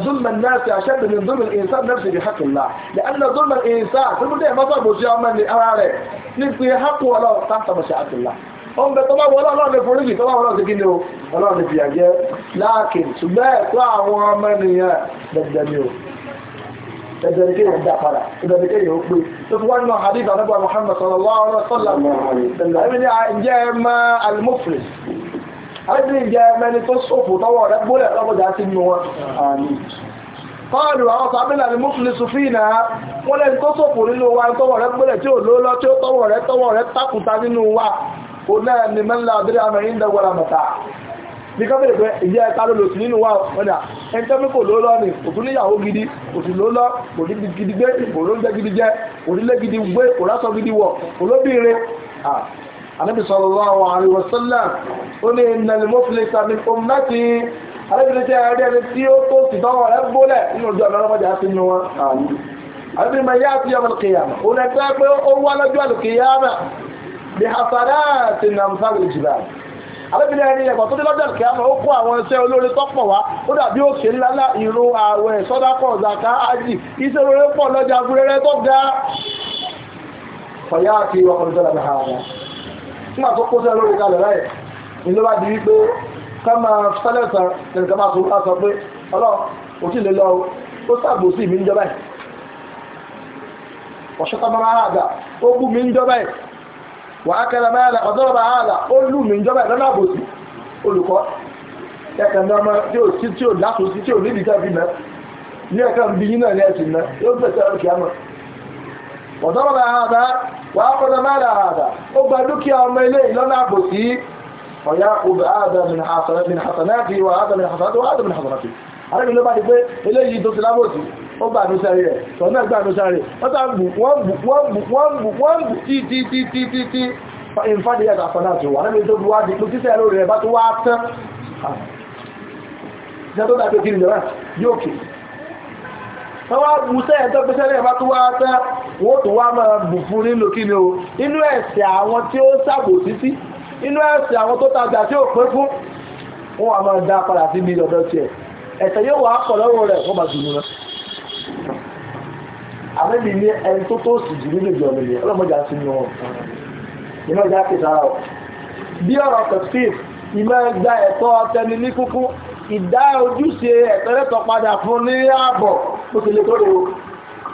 zulmẹ̀ náà ó ń bẹ tó bá wọ ọlọ́run lè foríjì tó bá wọ ọlọ́run ti kí ni o ọlọ́run lè fìyà jẹ láàkì ṣùgbọ́n ẹ̀tọ́ àwọn ọmọ ènìyàn dẹ̀dẹ̀ ni o dẹ̀dẹ̀ ni kéèyàn dá wọ́n Muhammad sallallahu alaihi wasallam ẹ̀mí al-muflis ẹ̀mí ǹjẹ́ ẹ mẹni tó sòfò tọwọ́ rẹ gbólẹ̀ lọ́gbọ̀dá sí nu wọn kọ́ọ̀lù àwọn sàbílà ni muflisu fina wọ́n lẹ́ni tó sòfò nínú wa tọwọ́ rẹ gbólẹ̀ tí ò lóòlọ́ tí ó tọwọ́ rẹ tọwọ́ rẹ tákùtà nínú wa ó náà ni mẹ́lá abẹ́rẹ́ àmọ́ yìí ń dẹ́wọ́ ra mọ̀tà ní kábẹ̀rẹ̀ pé ìyá ẹ̀ka ló lòsì nínú wa ọ̀dà ẹni tẹ́ kò ló lọ ni kò tún níyàwó gidi kò sì ló lọ kò ní gidi gbé kò ló ń jẹ gidi jẹ kò nílé gidi gbé kò lásọ gidi wọ kò ló bìíre anabi sallallahu alaihi wasallam ó ní innal muflisa min ummati arábìnrin tí a rí ẹni tí ó tó sì tọwọ́ rẹ̀ bólẹ̀ nínú ọjọ́ ọlọ́mọdé á sí ní wọn àmì arábìnrin máa yá àti yọmọ kìyàmà ó ní ẹgbẹ́ pé ó wá lọ́jọ́ àlùkìyàmà bí hasanati namsari jìbà alábìnrin ẹni ẹ̀kọ́ tó dé lọ́jọ́ kí a máa ó kó àwọn iṣẹ́ olóore tọ́pọ̀ wá ó dàbí òkè ńláńlá ìró ààwẹ̀ sọ́dápọ̀ zaka ájì iṣẹ́ olóore pọ̀ lọ́jà gúrẹ́rẹ́ tó ga ọ̀yá àti ọkùnrin tó lọ́nà ààrẹ nígbà tó kó sí olóore kalẹ̀ rẹ̀ ni ló bá di wípé ká máa wà á kẹ́lẹ́ mẹ́rin ọ̀dọ́rọ̀ bá hàn ó lù mí ìjọba ìdáná àbòsí olùkọ́ ẹ̀kẹ́ ní ọmọ tí ò sí tí ò lásòsí tí ò nídìí ká bí mẹ́ ní ẹ̀kẹ́ ń bí yín náà ní ẹ̀sìn mẹ́ yóò gbèsè ọ̀kì àmọ́ ọ̀dọ́rọ̀ bá hàn dá wà á kọ́lẹ́ mẹ́rin àdá ó gba dúkìá ọmọ ilé ìlọ́nà àbòsí ọ̀yá obì àdá min hasanati ó gbà ní sáré rẹ̀ tọ́nà náà gbà ní sáré wọ́n tà bù wọ́n bù wọ́n bù wọ́n bù wọ́n bù tí tí tí tí tí tí ìfàdí yàtọ̀ àfọ̀nà tó wà lẹ́nu tó bu wá di pé títẹ̀ lórí rẹ̀ tó wá tán ah. kiri jẹ́rà yóò kì tọ́wọ́ bùsẹ́ ẹ̀tọ́ pẹ́sẹ́ lẹ́yìn bá tó wá tán wọ́n tó ni o inú ẹ̀sẹ̀ àwọn tí ó sàbò títí inú ẹ̀sẹ̀ àwọn tó tajà tí ó pé fún wọn a máa dá padà sí mi lọ́dọ̀ tiẹ̀ ẹ̀sẹ̀ yóò wá pọ̀ lọ́wọ́ rẹ̀ wọ́n máa dùn náà àmẹ́bí ní ẹni tó tó sì jù nínú ìjọ nìyẹn ọlọ́mọdé àti ní wọn iná ìjà kì sára o bí ọ̀rọ̀ tẹ̀síf ìmọ̀ ẹgbà ẹ̀tọ́ tẹni ní kúkú ìdá ojúṣe ẹ̀tọ́lẹ́tọ̀ padà fún ní ààbọ̀ ó ti lè tó lè o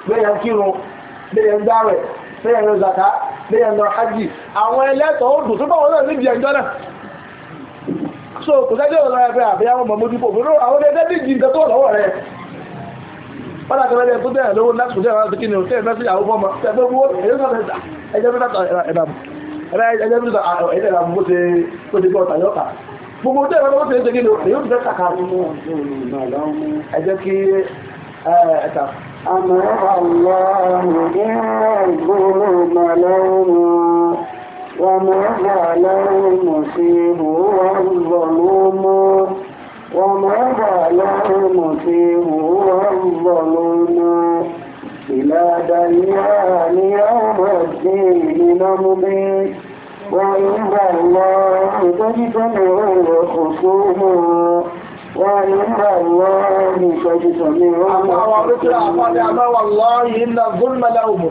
bẹ́ẹ̀ ń kírun bẹ́ẹ̀ ń gbààwẹ̀ bẹ́ẹ̀ ń zàká bẹ́ẹ̀ ń lọ hajj àwọn ẹlẹ́tọ̀ ó dùn tó bá wọn náà níbi ẹ̀jọ́ náà so kò sẹ́jọ́ padà kan lẹ́yìn tó tẹ̀ lówó lásìkò tẹ̀ láti kí ni o tẹ̀ mẹ́sì àwọn fọ́ọ̀mà tẹ̀ pé owó èyí sọ̀rọ̀ ẹ̀dá ẹ̀jẹ̀ bí sọ̀rọ̀ ẹ̀dá ẹ̀jẹ̀ bí sọ̀rọ̀ ẹ̀dá ẹ̀dá bó ṣe tó ti bí ọ̀tà yọ̀tà gbogbo tẹ̀ lọ́wọ́ tó ṣe ṣe kí ni o èyí ti fẹ́ kàkà ẹ̀jẹ̀ kí ẹ̀ta. àmọ́ àlọ́ ìgbóhùn màlẹ́rùn-ún wàmọ́ àlẹ́rùn-ún sí ìhùwà ìgbọ̀lómọ́ ومضى لهم فيه الظلم إلى ديان يوم الدين نمضي وعند الله تجتمع الخصوم وعند الله تجتمع أما والله إن الظلم لوم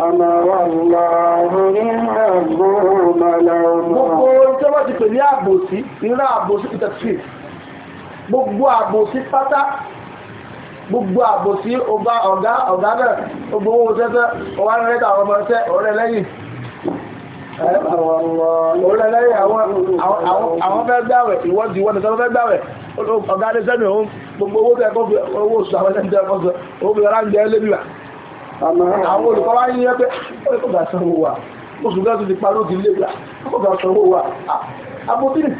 أما والله إن الظلم لوم tọ́lọ̀ ti pè ní àbòsí ìrìnà àbòsí peter street gbogbo àbòsí pátá gbogbo àbòsí ọgá ọ̀gá ọ̀gá náà gbogbo owó tẹ́tẹ́ ọwá rẹ̀ àwọn ọmọ ẹsẹ́ ọ̀rẹ́ lẹ́yìn ọ̀rẹ́ lẹ́yìn àwọn fẹ́ gbáwẹ̀ ìwọ́dí wọ́n tẹ́tẹ́ fẹ́ ọ̀gá oṣù gáàsù ti parí òkè ilé ìgbà ọkọ̀ bá sanwó wa abotiri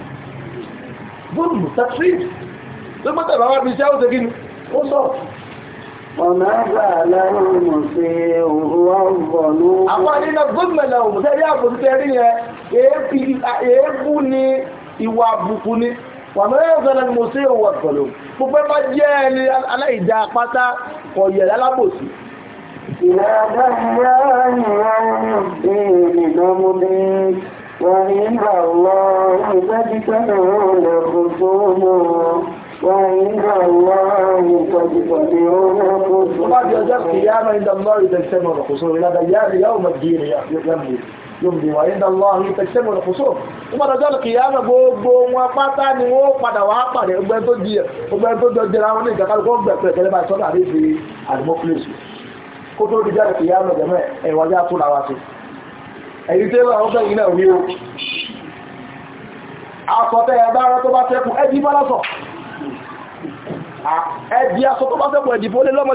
bóòlù tàbí lọ́gbọ́tà bàbá fi ṣe àwọ̀sẹ̀ gínú ó sọ ọ̀nà àgbà aláwọ̀ mọ̀ sí òwúwà ọ̀gbọ̀nú àwọn àdínà gómìnà òmùsẹ́rí àbòsítẹ́rí yẹn èébú ni ìwà àbùkù ni wà mẹ́rẹ́ sọ́nà mọ̀ sí òwúwà ọ̀gbọ̀nú gbogbo ẹ bá jẹ́ ẹni aláìdá pátá ọ̀yẹ̀ alábòsí إلى ديان يوم الدين نمضي وعند الله تجتمع الخصوم وعند الله تجتمع الخصوم بعد يوم القيامة عند الله تجتمع الخصوم إلى ديان يوم الدين يمضي yóò wà ní ọlọ́ ní tẹ̀sẹ̀mù ìfúsọ́. Ìmọ̀dà jọ́ kìyàmù gbogbo wọn pátá ni wọ́n padà wá pàdé ọgbẹ́ tó jẹ́ ọgbẹ́ tó jọ jẹ́ra wọn ní ìjàkálùkọ́ gbẹ̀pẹ̀ kẹlẹ́bà sọ́dà àdéhìí àdìmọ́kúlẹ̀sì kó tó di jáde kìyà lọ jẹmọ ẹwà já tó làwà sí ẹyí tẹ bá wọn bẹyìn náà wí o asọtẹ ẹbá rẹ tó bá tẹkù ẹdí bá lọsọ ẹdí asọ tó bá tẹkù ẹdí fún lọmọ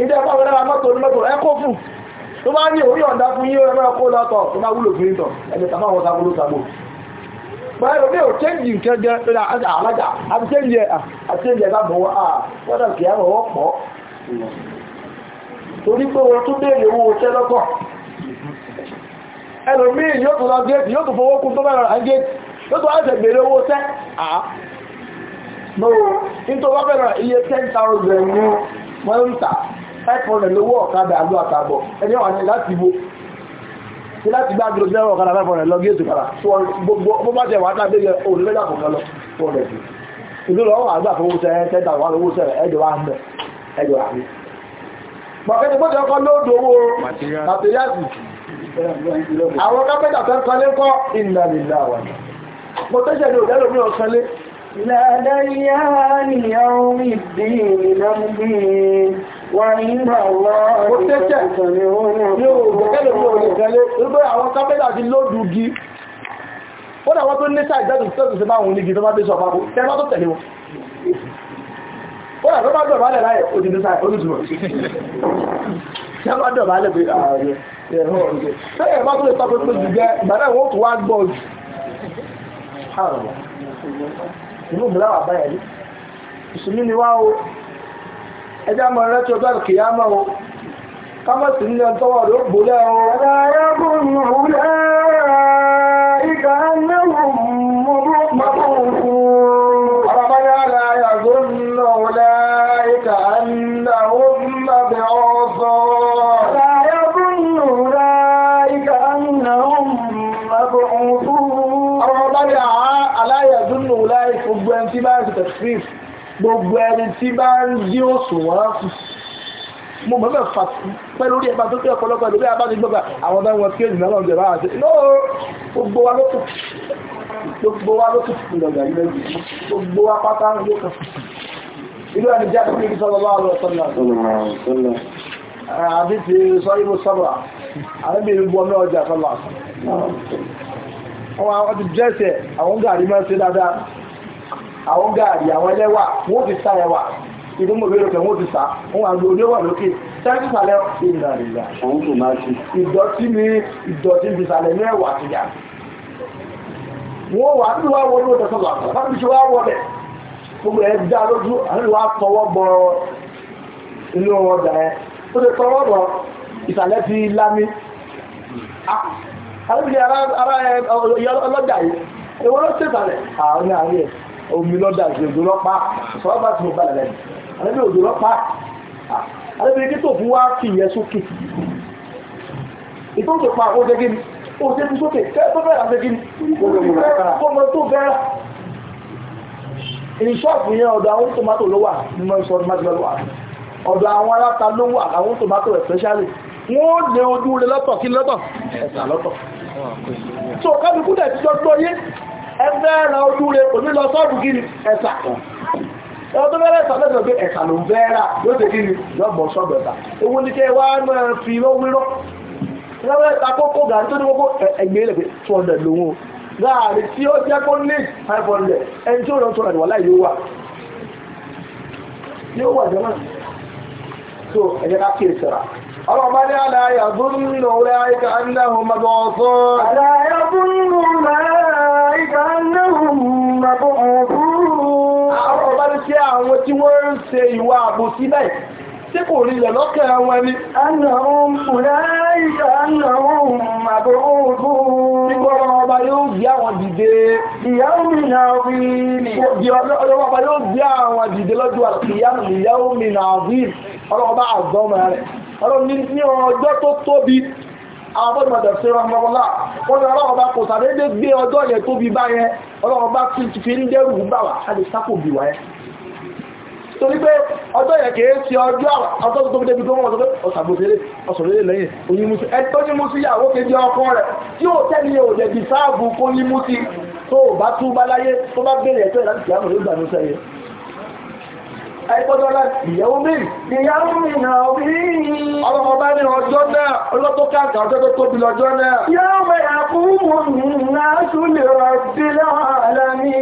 ìdí ẹ̀fọ́ àwọn ẹ̀rọ mọ́tò onímọ́tò ẹ kó fún tó bá ní òun yọ̀ǹda fún yín ọmọ ẹ̀kọ́ lọ́tọ̀ tó bá wúlò fún ìtọ̀ ẹ̀jẹ̀ tàbá wọn sagbó pẹ̀lú bí o change nǹkan jẹ́ pẹ̀lú alájà àti change ẹ̀ àti change ẹ̀ bá bọ̀ wọ́n à wọ́dà kìí àwọn ọwọ́ pọ̀ torí pé wọ́n tún béèrè owó tẹ́ lọ́tọ̀ ẹlòmíì yóò tún lọ géètì yóò tún fowó kún tó bẹ̀rẹ̀ rà géètì yóò tún àṣẹ béèrè owó tẹ́ à no nítorí wọ́n bẹ̀rẹ̀ iye ten thousand wọ́n ń tà ẹ̀kọ́nà lówó ọ̀kadà àlú àtàbọ̀ ẹni wà ní láti bo tí láti gbá gbogbo ẹ̀rọ ọ̀kadà fẹ́fọ́ rẹ̀ lọ gẹ́ẹ̀tù padà bó bá jẹ́ wà á dábẹ́ olùlẹ́gbà kọ̀ọ̀kan lọ fún ọ̀rẹ́ sí ìlú lọ́wọ́ àgbà fowó sẹ́ tẹ́ta wà lówó sẹ́ ẹjọ́ wa mẹ́ ẹjọ́ wa mẹ́ pọ̀kẹ́ni bó ti ọkọ̀ lóòdù owó màtíríàsì àwọn kápẹ́tà tó ń kọ́lé kọ́ ìlànà mo tẹ́sẹ̀ ní òdẹ́lò mi ọ̀sánlé لا ديان يوم الدين نمضي wà nígbà wọ́n ó tẹ́kẹ̀ yóò gbẹ̀kẹ́lẹ̀ mú òun ìtẹ́lé wípé àwọn kápẹ́lá ti lódùgí ó dà wọ́n tó ní sáà ìjẹ́dù tó ti bá òun nígi tó bá dé sọ pápó tẹ́lá tó tẹ̀lé wọn ó dà tó bá dọ̀ bálẹ̀ láyẹ̀ ó ti sáà olùsùnmọ̀ tẹ́lá dọ̀ bálẹ̀ pé ààrẹ ah, ẹ̀họ́ ẹjá mọ̀ rẹ́ tí ọjọ́ ìkìyà mọ́ o kámọ́sì nílẹ̀ tọ́wọ́ rẹ̀ ó o. ẹ̀rọ kùnú rẹ̀ ìgbà ẹ̀lẹ́wọ̀n mọ̀ gbogbo ẹni tí bá ń ṣe gbogbo ẹni tí bá ń yí òṣùwọ̀n kù mo mọ̀ mẹ́fà pẹ́ lórí ẹ̀fà tó kí ọ̀pọ̀lọpọ̀ ìdílé abánigbọ́gbà àwọn ọ̀dọ́ wọn kí èyí náà lọ́jọ́ bá àti no gbogbo wa ló kù gbogbo wa ló kù ìlọ̀gà ilẹ̀ yìí gbogbo wa pátá ń yóò kan ìlú ẹni jẹ́ àti kí sọ́lọ́ bá lọ sọ́lọ́ àti ti sọ ibò sọ́lọ́ sọ́lọ́ àwọn gààrí àwọn ẹlẹ́wà wọ́n ti sá ẹwà ìdúnmọ̀ ìwé lókè wọ́n ti sá wọn àgbò ní wà lókè sẹ́ńtì sàlẹ̀ ìrìnà ìrìnà àwọn tó máa ṣe ìdọ̀tí mi ìdọ̀tí mi sàlẹ̀ ní ẹ̀wà ti yà wọ́n wà nínú wa wọlé ọ̀dọ̀ sọ̀rọ̀ àpá bí ṣe wá wọlé gbogbo ẹ̀ dá lójú àti wà tọwọ́ bọ inú ọjà ẹ̀ ah, yìí èwo ló ṣètàlẹ̀ àwọn ní àárín ẹ̀ omi lọ́dà sí òjò lọ́pá ìfọwọ́pá tí mo bá lẹ̀ lẹ́nu àlẹ́bí òjò lọ́pá àlẹ́bí kí tó fún wá kì yẹ sókè ìtọ́jú pa ó jẹ́ gíní ó jẹ́ fún sókè tó bẹ̀rẹ̀ àti gíní kó mọ tó bẹ̀rẹ̀ ìní ṣọ́ọ̀bù yẹn ọ̀dọ̀ àwọn tòmátò ló wà ní mọ́ ìṣọ́ tomato lọ́wọ́ ọ̀dọ̀ àwọn aláta ló wà àwọn tòmátò especially wọ́n lé ojú rẹ̀ lọ́tọ̀ kí lọ́tọ̀ ẹ̀sà lọ́tọ̀ so kálukú dẹ̀ ti jọ gbọ́ yé ẹgbẹ́ ẹ̀rọ ojú rẹ̀ kò ní lọ sọ́ọ̀bù gíní ẹ̀sà kan ẹ̀rọ tó bẹ̀rẹ̀ ẹ̀sà lẹ́sọ̀ pé tí ó jẹ́ kó ní 500 ẹni tí ó rọ̀ tọ́ra ìwà láì wà yóò wà jẹ́ tó ẹ̀jẹ̀ ká kí ìṣẹ̀ra ربنا لا يظن أولئك أنهم مبعوثون ألا يظن أولئك annahum mab'udun àwọn ọba ní ṣe àwọn tí wọ́n ń ṣe ìwà àbòsí báyìí tí kò rí ilẹ̀ lọ́kẹ̀ wọn ni annahum mùláìkà annahum mab'udun nígbọ́n ọba yóò gbé àwọn dìde ìyàwó mi náà rí ni ọba yóò gbé àwọn dìde lọ́jọ́ ìyàwó mi náà rí ọlọ́ọ̀bá àgbọ́mọ rẹ̀ ọlọ́ àwọn bọ́ọ̀dù mọ̀tẹ̀ sí wọn mọ́kànlá wọ́n ní ọlọ́run bá kò sàdédé gbé ọjọ́ yẹn tóbi bá yẹn ọlọ́run bá fi ń dẹ́rù bà wá a lè sápò bì wá yẹn torí pé ọjọ́ yẹn kìí ṣe ọjọ́ ọjọ́ tó tóbi débi tó wọ́n sọ pé ọ̀sàgbòsílẹ̀ ọ̀sọ̀rẹ́lẹ̀ lẹ́yìn onímúsí ẹ̀tọ́ nímúsí ìyàwó kejì ọkọ rẹ̀ tí ó tẹ́ni ò jẹ̀bi sáàbù kó nímúsí tó bá túbá láyé tó bá bèèrè ẹ̀tọ́ ìlànà ìyàwó ló gbà àìkọ́dọ́lá ìyàwó mìí ìyàwó mìí náà rí ọlọ́mọ bá ní ọjọ́ náà olótókà àjọ tó tóbi lọ́jọ́ náà yóò mẹ́ra fún mọ́ náà súnlẹ̀ ọ̀dí láàlá ní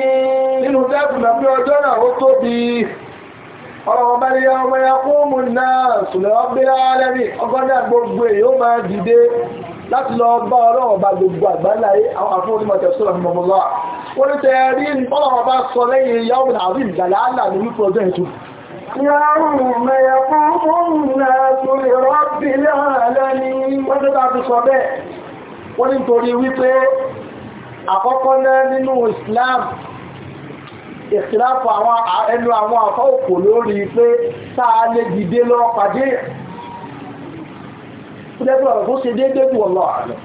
inú tẹ́kùnà pé ọjọ́ náà ó tóbi ọlọ́mọ bá ní ọmọ ya fún mọ́ náà súnlẹ̀ ọ̀dí láàlá ní ọgọ́dà gbogbo èyí ó máa dìde láti lọ bá ọlọ́wọ̀ bá gbogbo àgbáláyé àwọn afúnnímọ̀tẹ̀ sọ́rọ̀ mọ̀mọ́lá يوم يقوم الناس لرب العالمين wọ́n tẹ́ta fi sọ wípé àkọ́kọ́ náà nínú Islam ìsìláfà ẹnu àwọn àfọ́ òkò lórí pé sáà lè dìde lọ pàdé ìjẹ́bí ọ̀rọ̀ tó ṣe déédé bù ọ̀lọ́ àlọ́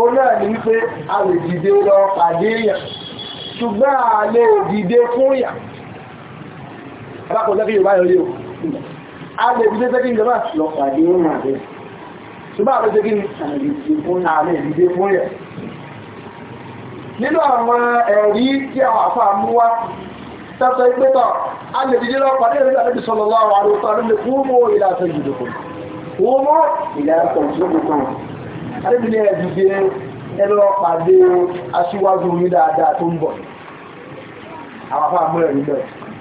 o náà ní wípé a lè dìde lọ pàdé yàn ṣùgbọ́n a lè dìde fún yàn àbákọ̀ lẹ́fí yorùbá yọrí o a lè fi tẹ́tẹ́ kí n jọba lọ pàdé ó rìn àbẹ́ ṣùgbọ́n àwọn tẹ́tẹ́ kí ni àlèdè fún ààrẹ ìdílé fún yẹ nínú àwọn ẹ̀rí tí àwọn àfa mú wá tẹ́tọ́ ipé tọ̀ a lè dìde lọ pàdé ìrìn àbẹ́bí sọ̀rọ̀ lọ́wọ́ àwọn olùkọ́ àdúgbò fún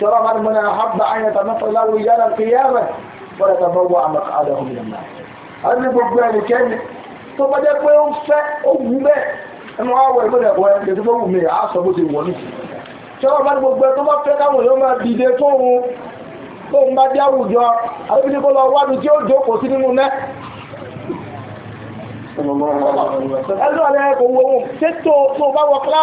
كراما من أحب أن يتمثل له رجال القيامة ويتبوأ مقعده من النار هذا بقول لك tó bá jẹ́ pé ó ń fẹ́ ogun bẹ́ẹ̀ ẹnu àwọ̀ ìgbẹ́lẹ̀ ẹ̀kọ́ ẹ̀kẹ́ tó fọ́wọ́ mi àásọ bó ti wọ̀ ní tí wọ́n bá ní gbogbo ẹ̀ tó bá fẹ́ káwọn èèyàn máa dìde tóhun tóhun bá jẹ́ àwùjọ àbíbí kó lọ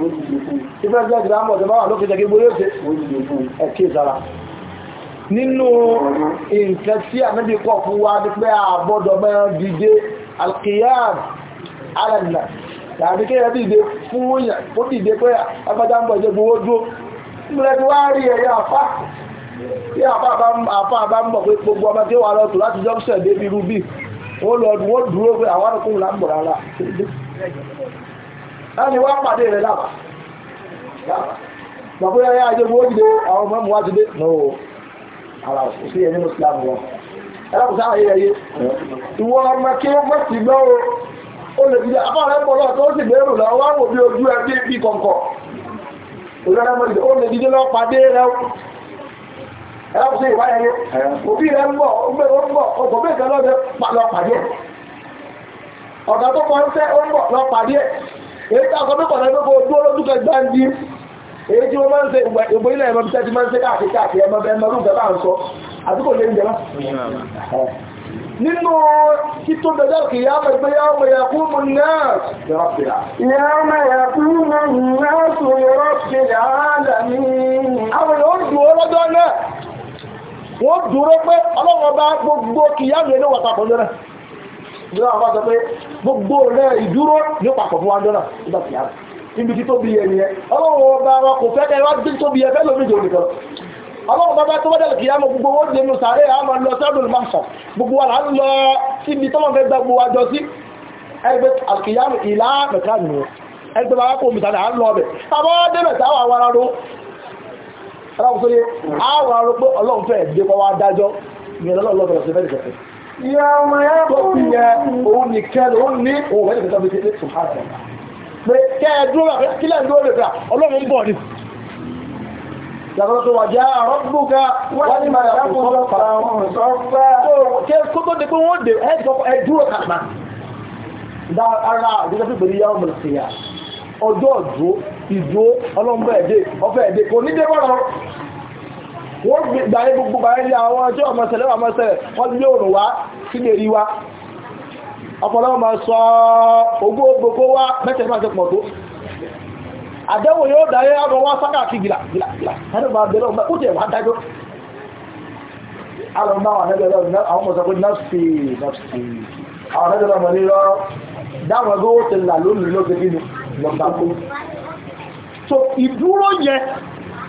ìfẹ́ jẹ́ ìdámọ̀ tó bá wà lókè jẹ́gẹ́ gbóyó ṣe ẹ̀kẹ́ ìsára nínú nǹkan tí àmẹ́bí kọ̀ fún wa ní pé àbọ́dọ̀ mẹ́rin dìde alkiyar alàdìlà tàbí kí ẹbí ìdè fún òyìn ó dìde pé agbádá ń bọ̀ jẹ́ gbówó dúró mẹ́rin wá rí ẹ̀yẹ àfá tí àfá bá ń bọ̀ pé gbogbo ọmọ tí wà lọ́tù láti jọ́pṣẹ̀ débi rubí wọ́n lọ dúró pé àwọn àrùkùn là ń bọ̀ rárá ẹni wá pàdé rẹ̀ dábàá bàbá ẹ̀yà ajẹ́gbó ojúdé àwọn ọmọ wa ti dé náà ara kò sí ẹni muslim wọn ẹlẹ́kùn sáà yẹ ẹyẹ ìwọ ọmọ kí ó mọ̀ sí gbọ́ o ó lè fi jẹ́ apá rẹ̀ pọ̀ lọ́ọ̀ tó sì gbèrò lọ wá wò bí ojú ẹ bí bí kọ̀ǹkọ̀ òṣèré ọmọ ìdè ó lè dídé lọ́ọ́ pàdé rẹ̀ ẹlẹ́kùn sí ìwá ẹyẹ ọ̀gá tó kọ́ ń fẹ́ ó ń bọ̀ lọ́ọ́ pàdé èyí tí a sọ pé ojú olójú kẹgbẹ́ ń di èyí tí wọ́n máa ń ṣe ìgbò ilẹ̀ ẹ̀mọ́ tí máa ń ṣe káàkiri káàkiri ẹ̀mọ́ ẹ̀mọ́ rúfẹ́ bá ń sọ lè nínú bẹ̀rẹ̀ kì yá yá náà ìjọba àwọn sọ pé gbogbo rẹ̀ ìdúró ní papọ̀ fún wa jọ́nà nígbà tí a níbi tí tóbi yẹn nìyẹn ọlọ́run ọba wa kò fẹ́ kẹ́ wá bí tóbi yẹn fẹ́ lómi jò nìkan ọlọ́run bàbá tó wọ́dẹ̀ kìí àmọ́ gbogbo wọ́n dẹnu sàárẹ̀ àmọ́ lọ sọ́dún máṣà gbogbo wa là ń lọ síbi tọ́lọ́ fẹ́ gba gbogbo àjọ sí ẹgbẹ́ àkìyàmù ìlà mẹ́ta nù ẹgbẹ́ bàbá kò mìtàdà à ń lọ bẹ̀ tàbọ́ débẹ̀ àwọn ará ro ìyá ọmọ ẹ tó fi yẹ òun nìkan ló ní òun ẹni tó fi tẹ́lẹ̀ tó hàn pé kẹ́ ẹ dúró rà kí lẹ́yìn dúró rà ọlọ́run ń bọ̀ ni. Yàtọ̀ tó wà jẹ́ àrọ́ gbóga wọ́n ní màdà kò sọ́ọ́ fara wọn sọ́ọ́fà. Kó tó di pé wọ́n dé ẹ dúró kàkà. Dá ara àdúgbò tó gbèrè yá ọmọ ìsìnyà. Ọjọ́ ìdúró ìdúró ọlọ́mọbẹ̀ẹ́dẹ́ ọfẹ́ẹ̀dẹ́ kò ní dé wọ́n lọ wọ́n gbà ní gbogbo bàá ní àwọn ọjọ́ ọmọsẹ̀lẹ̀ ọmọsẹ̀lẹ̀ wọ́n lé òrùn wá sí lè rí wa ọ̀pọ̀lọpọ̀ máa sọ ogún gbogbo wá mẹ́tẹ̀ẹ́ máa ṣe pọ̀ tó àdẹ́wò yóò dáyé àwọn wá sáká àti gìlà gìlà gìlà tẹ́lẹ̀ máa bẹ̀rẹ̀ ọmọ ó tẹ̀ wá dájọ́ àwọn ọmọ àwọn ẹgbẹ̀rẹ̀ àwọn ọmọ sọ pé nọ́ọ̀sì nọ́ọ̀sì àwọn ẹgbẹ̀rẹ̀ ọmọ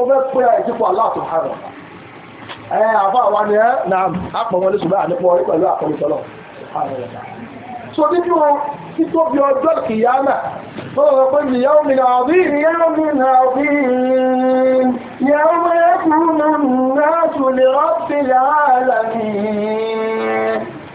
ó fẹ́ pé àìsípò aláàtò àrùn ẹ̀ àfáà wa ni ẹ́ na àpọ̀wọlé ṣùgbọ́n ànípọ̀ orí pẹ̀lú àkọlùsọ́lọ̀ so nínú títóbi ọjọ́ kìyàmà lọ́wọ́ pé ìyàwó mi náà bí ìyàwó mi náà bí ìyàwó mi náà bí ìyàwó mi náà bí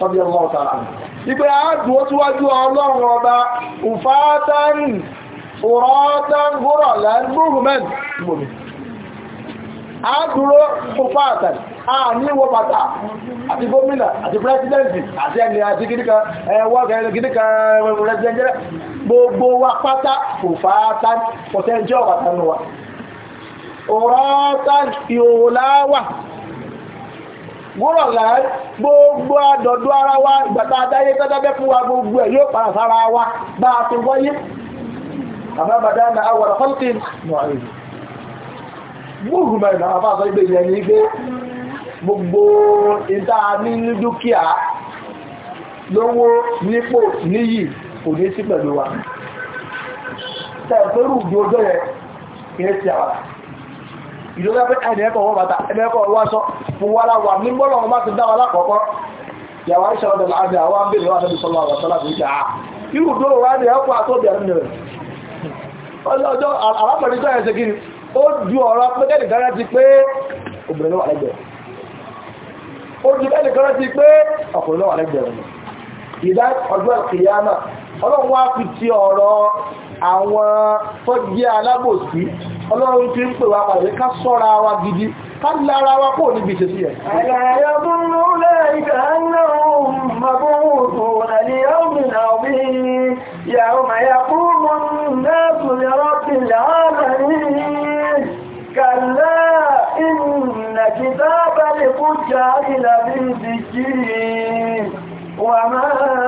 tọ́bí ọlọ́ ọ̀tàrà ìgbé àádùn ó tíwájú ọlọ́run ọba ùfáátán òrọ́tán gúrọ̀ lẹ́gbùrùmẹ́n gbòmí àádùró ùfáátán àníwò bàtà àti gómìnà àti pírẹsidẹ́ntì àti ẹni àti gíníkà ẹwọ́ gíníkà rẹ̀sìdẹ́ntì gbogbo wa pátá ùfáátán pọ̀tẹ́ńjọ́ bàtà nù wa òrọ́tán ìhòòláwà gbọ́rọ̀ là gbogbo àdọ̀dọ̀ ara wa ìgbàta adáyé tọ́jábẹ́ fún wa gbogbo ẹ̀ yóò para sára wa bá a ti wáyé àbábàdá na awọ̀rọ̀ fọ́lùkì gbóhùnmẹ̀ náà fásọ ibẹ̀ ilẹ̀ ní gbé gbogbo ìta ní dúkìá lówó nípò níyì ìjọba pé ẹnìyẹ́kọ̀ wọ́n bàtà ẹnìyẹ́kọ̀ wọ́n sọ fún wa láwà ní gbọ́lọ̀ ọmọ ti dáwà lákọ̀ọ́kọ́ yàwá ìṣẹ́ ọ̀dọ̀ láti àwọn abẹ́rẹ́ wà sọ́dọ̀ sọ́lọ́ àwọn sọ́lá fi jà á irú tó wà ní ẹ̀kọ́ àtọ́bẹ̀ ẹ̀rọ rẹ̀ ọjọ́ alámọ̀rin tó ẹ̀ṣẹ̀ kiri ó ju ọ̀rọ̀ pé ẹnìkanáà ti pé obìnrin lọ́wọ́ lẹ́gbẹ̀ẹ́ ó ju ẹnìkanáà ti pé ọkùnrin lọ́wọ́ lẹ́gbẹ̀ẹ́ rẹ̀ ìdá ọjọ́ ìkìyàmà ọlọ́run wá fi ti ọ̀rọ̀ àwọn tó jẹ́ alábòsí ọlọ́run tí ń pè wá pàdé ká sọ́ra wa gidi ká lára wa kò níbi ìṣesí ẹ̀. àyàyà lè kú jà ìlàbí ìdíjì wà máa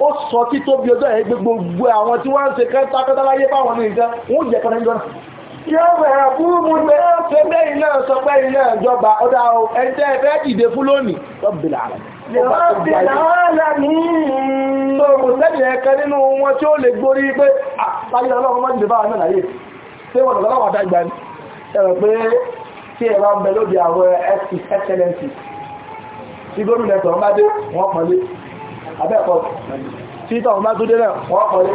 ó sọ tí tó bí ọjọ́ ẹgbẹ́ gbogbo àwọn tí wọ́n ń ṣe kẹ́ńtàkẹ́tà láyé báwọn ní ìjọ wọ́n jẹ́ kan níjọ́ náà yóò bẹ̀rẹ̀ fún mu pé ó ṣe lẹ́yìn náà sọ pé iná ìjọba ọ̀dà o ẹ̀jẹ̀ ẹ̀fẹ́ dìde fún lónìí tó bìlà rẹ̀. tó kò sẹ́yìn ẹ̀kan nínú wọn tí ó lè gborí pé àpáyé ah, ọlọ́run má dìde báwọn náà láyé ṣé wọn lọ́wọ́ àwọn àdágbà ni ẹ̀rọ pé tí ẹ̀rọ ń bẹ lóde àwọn excellence tí gómìnà tó ń bá dé wọ́n pọ̀lé abẹ́ẹ̀kọ́ tí tọ́ ọmọ tó délẹ̀ wọ́n kọ́lé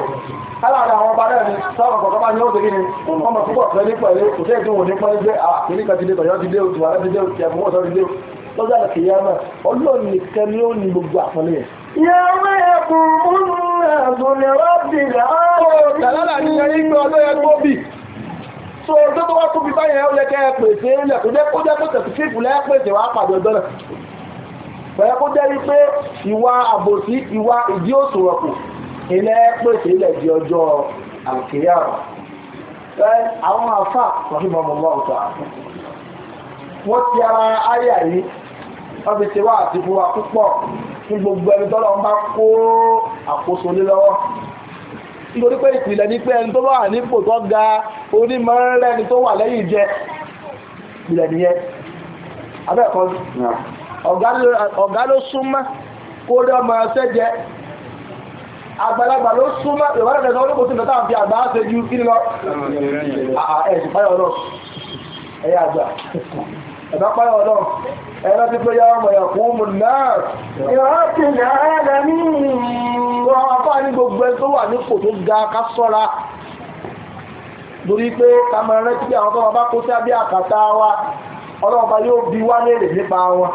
aláàrẹ àwọn ọba náà ni sọ́ọ̀kọ̀ kọ̀ọ̀kan bá ní ó tẹ́kí ni wọ́n mọ̀ púpọ̀ pẹ̀lú pẹ̀lú kò tẹ́ ah, ìdúnwò ní pẹ́lú pé àkíní kan ti dé tọ̀yọ́ ti dé òtù àrẹ́ ti dé òtù ẹ̀kọ́ ọ̀sọ́ ti dé lọ́jọ́ àti ìyá náà ọlọ́run nìkan ni ó ní tó bì so tó tó wá tóbi báyẹn ó yẹ kẹ́ ẹ pèsè ó yẹ kó jẹ́ kó jẹ́ kó tẹ̀sí fífù lẹ́yìn pèsè wàá pàdé ọjọ́ náà pẹ̀lú kó jẹ́ wípé ìwà àbòsí ìwà ìdí òṣùwọ̀kù ilẹ̀ pèsè ilẹ̀ di ọjọ́ àlùkìyàwó àwọn àfà lọ́sùmọ̀mọ́ ọ̀tọ̀ wọ́n ti ara ayà yìí wọ́n fi ṣe wá àti fún wa púpọ̀ ní gbogbo ẹni tọ́lọ́ ń bá kó àkóso lé lọ́wọ́ nítorí pé ìpìlẹ̀ ní pé ẹni tó wà nípò tó ga onímọ̀ rẹ́ni tó wà lẹ́yìn jẹ ìpìlẹ̀ nìyẹn abẹ́ẹ̀kọ́ ọ̀gá ló súnmọ́ kó rí ọmọ ẹsẹ́ jẹ àgbàlagbà ló súnmọ́ ìwádìí ẹ̀sán olóko sí mẹ́ta àfi àgbà ṣe ju kí lọ ẹ̀sìn fáyọ̀ náà ẹ̀yà àgbà ẹ̀bá fáyọ̀ náà ẹ̀rọ ti pé yàrá ọmọ ẹ̀kú mu náà. ìwọ́n ti náà lẹ́mí wọn afá ní gbogbo ẹ tó wà nípò tó ga ká sọ́ra lórí pé ká máa àwọn tó bá kó sí abẹ́ àkàtà wa ọlọ́ọ̀ba yóò bi wá léèrè nípa wọn.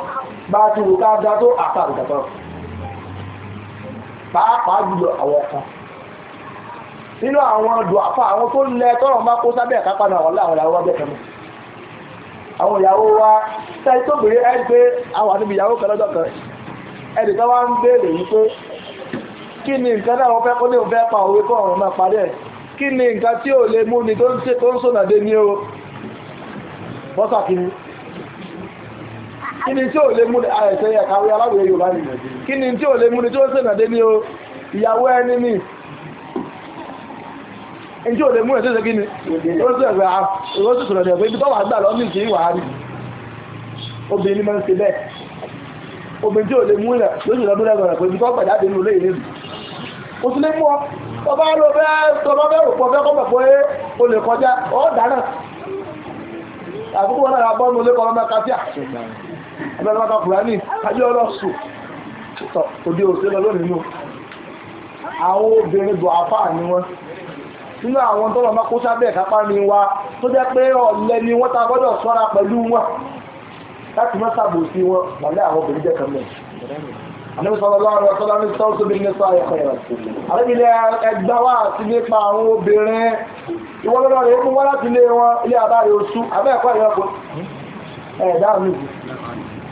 bá ti wò tó àpá pàápàá jùlọ àwọn kan nínú àwọn ọdún àpá àwọn tó lẹ tọrọ máa kó sábẹ́ àkápá náà wọlé àwọn ìyàwó abẹ́kẹ́ mọ́ àwọn ìyàwó wa tẹ́lí tó gbé ẹ àwọn àdúgbò ìyàwó kan lọ́dọ̀ kan wá ń wípé kí ni nǹkan náà wọ́n fẹ́ kó ní pa òwe máa parí ẹ̀ kí ni nǹkan tí ò lè tó ń sọ̀nà o bọ́sà kí ni tí ò lè múni àìsẹ̀ ẹ̀kàwé aláwòrán tí ó sènà ní o ìyàwó ẹni ní ẹni tí ò lè múni tí ó sè kí ni ó sì ẹ̀fẹ̀ àwọn ah, ó sì sọ̀rọ̀ ẹ̀fẹ̀ ibi tó wà gbà lọ́mí kì í wà á rí obìnrin máa ń ṣe bẹ́ẹ̀ obìnrin tí ò lè múni lóṣù lọ́dún lẹ́gbẹ̀rẹ̀ pẹ̀lú ibi tó pàdé nínú ilé ìlú ó sì lè mú ọ tọba ló fẹ́ tọba fẹ́ o lè kọjá ìbẹ́lọ́kà kùránì ajé ọlọ́sù òde òṣèlú lónìí nù àwọn obìnrin bọ̀ afá ni wọ́n nínú àwọn tọ́lọ̀ máa kó sábẹ̀ kápá ni wa tó jẹ́ pé ọ̀lẹ ni wọ́n ta gbọ́dọ̀ sọ́ra pẹ̀lú wọn láti má ṣàbòsí wọn wàlẹ́ àwọn obìnrin jẹ́ kan mẹ́ Ànábì sallallahu alaihi wasallam ní sọ́ọ̀tù bí nípa ẹ̀kọ́ ẹ̀rọ àdébìlẹ̀ ẹgbà wà sí nípa àwọn obìnrin ìwọ́n lọ́dọ̀ rẹ̀ ó mú wá láti ilé wọn ilé àbáyé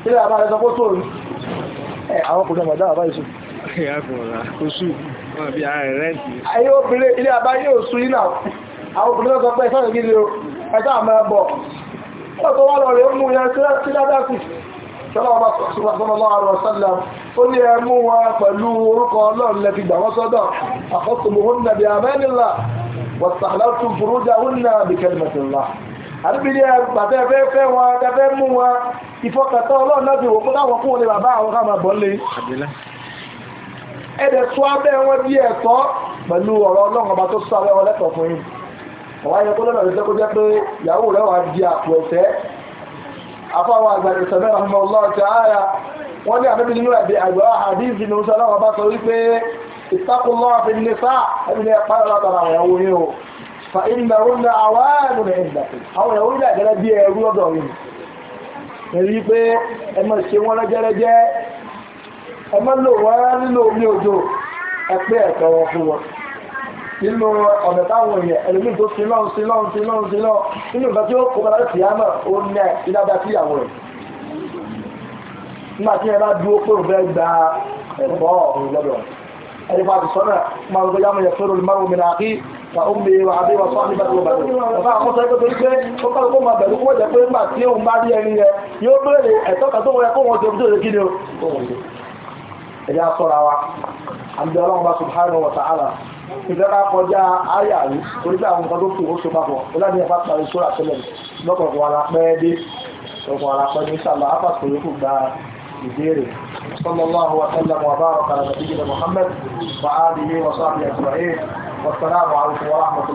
ilé àbá rẹ̀ sọpọ̀ tó rí àwọn kò sọmọ̀dá àbá ìṣù ayé obìnrin ilé àbá yóò sú iná àwọn obìnrin sọ pé ìsáàrẹ̀ gílé o ẹ̀sá àmọ́ ẹbọ̀ ó tó wá lọ rẹ̀ mú yẹn sí ládàkù ó ní ẹmú wọn pẹ̀lú orúkọ ọlọ́run lẹ́fi gbà wọ́n sọ́dọ̀ àkọ́sùnmù hún nàbí àmẹ́nìlá wọ̀sàlátù fúrújà hún nàbí kẹlìmẹ̀tìlá àbíbílẹ̀ bàbá ẹ̀fẹ́ fẹ́ wọn tẹ́fẹ́ mú wọn ìfọkàtọ́ ọlọ́run náà ti wò fún táwọn fún olè bàbá àwọn káàmà bọ́ lé ẹ̀dẹ̀ tó abẹ́ wọn bí ẹ̀tọ́ pẹ̀lú ọ̀rọ̀ ọlọ́run ọba tó sọ abẹ́ wọn lẹ́tọ̀ fún yín ọ̀wá yẹ kó lọ́nà ìṣẹ́ jẹ́ pé ìyàwó rẹ̀ wà di àpò ẹ̀fẹ́ afáwọn àgbàdo sọ̀rọ̀ ọmọ fa ìnà òun àwọn àrùn rẹ̀ ìgbà àwọn ìyàwó ìdà gẹ́gẹ́ bí ẹrú ọ̀dọ̀ rẹ̀ rí pé ẹmọ ṣe wọ́n lọ́jẹ́rẹ́jẹ́ ẹmọ lò wọ́n nílò omi òjò ẹpẹ́ ẹ̀tọ́ wọn fún wọn nínú ọ̀dọ̀ táwọn èèyàn ẹlòmí tó sí lọ́n sí lọ́n sí lọ́n sí lọ́n nínú nǹkan tí ó kó ẹni bá ti sọ́nà máa gbé yàmù yẹ̀fẹ́rù márùn mi náà kí ta ó mi wà bí wà sọ́ ní bàtí wà bàtí bàbá àkọsọ ẹgbẹ́ tó gbé ó kọ́ kó máa bẹ̀rù kó jẹ́ pé nígbà tí òun bá rí ẹni yẹ yóò béèrè ẹ̀tọ́ kan tó wọ ẹkọ́ wọn tó tó lè kí ni o ẹ̀yà sọ́ra wa àbí ọlọ́run bá subhanahu wa ta'ala ìjọba kọjá ayà rí torí pé في ديره صلى الله وسلم وبارك على نبينا محمد وآله وصحبه أجمعين والسلام عليكم ورحمة الله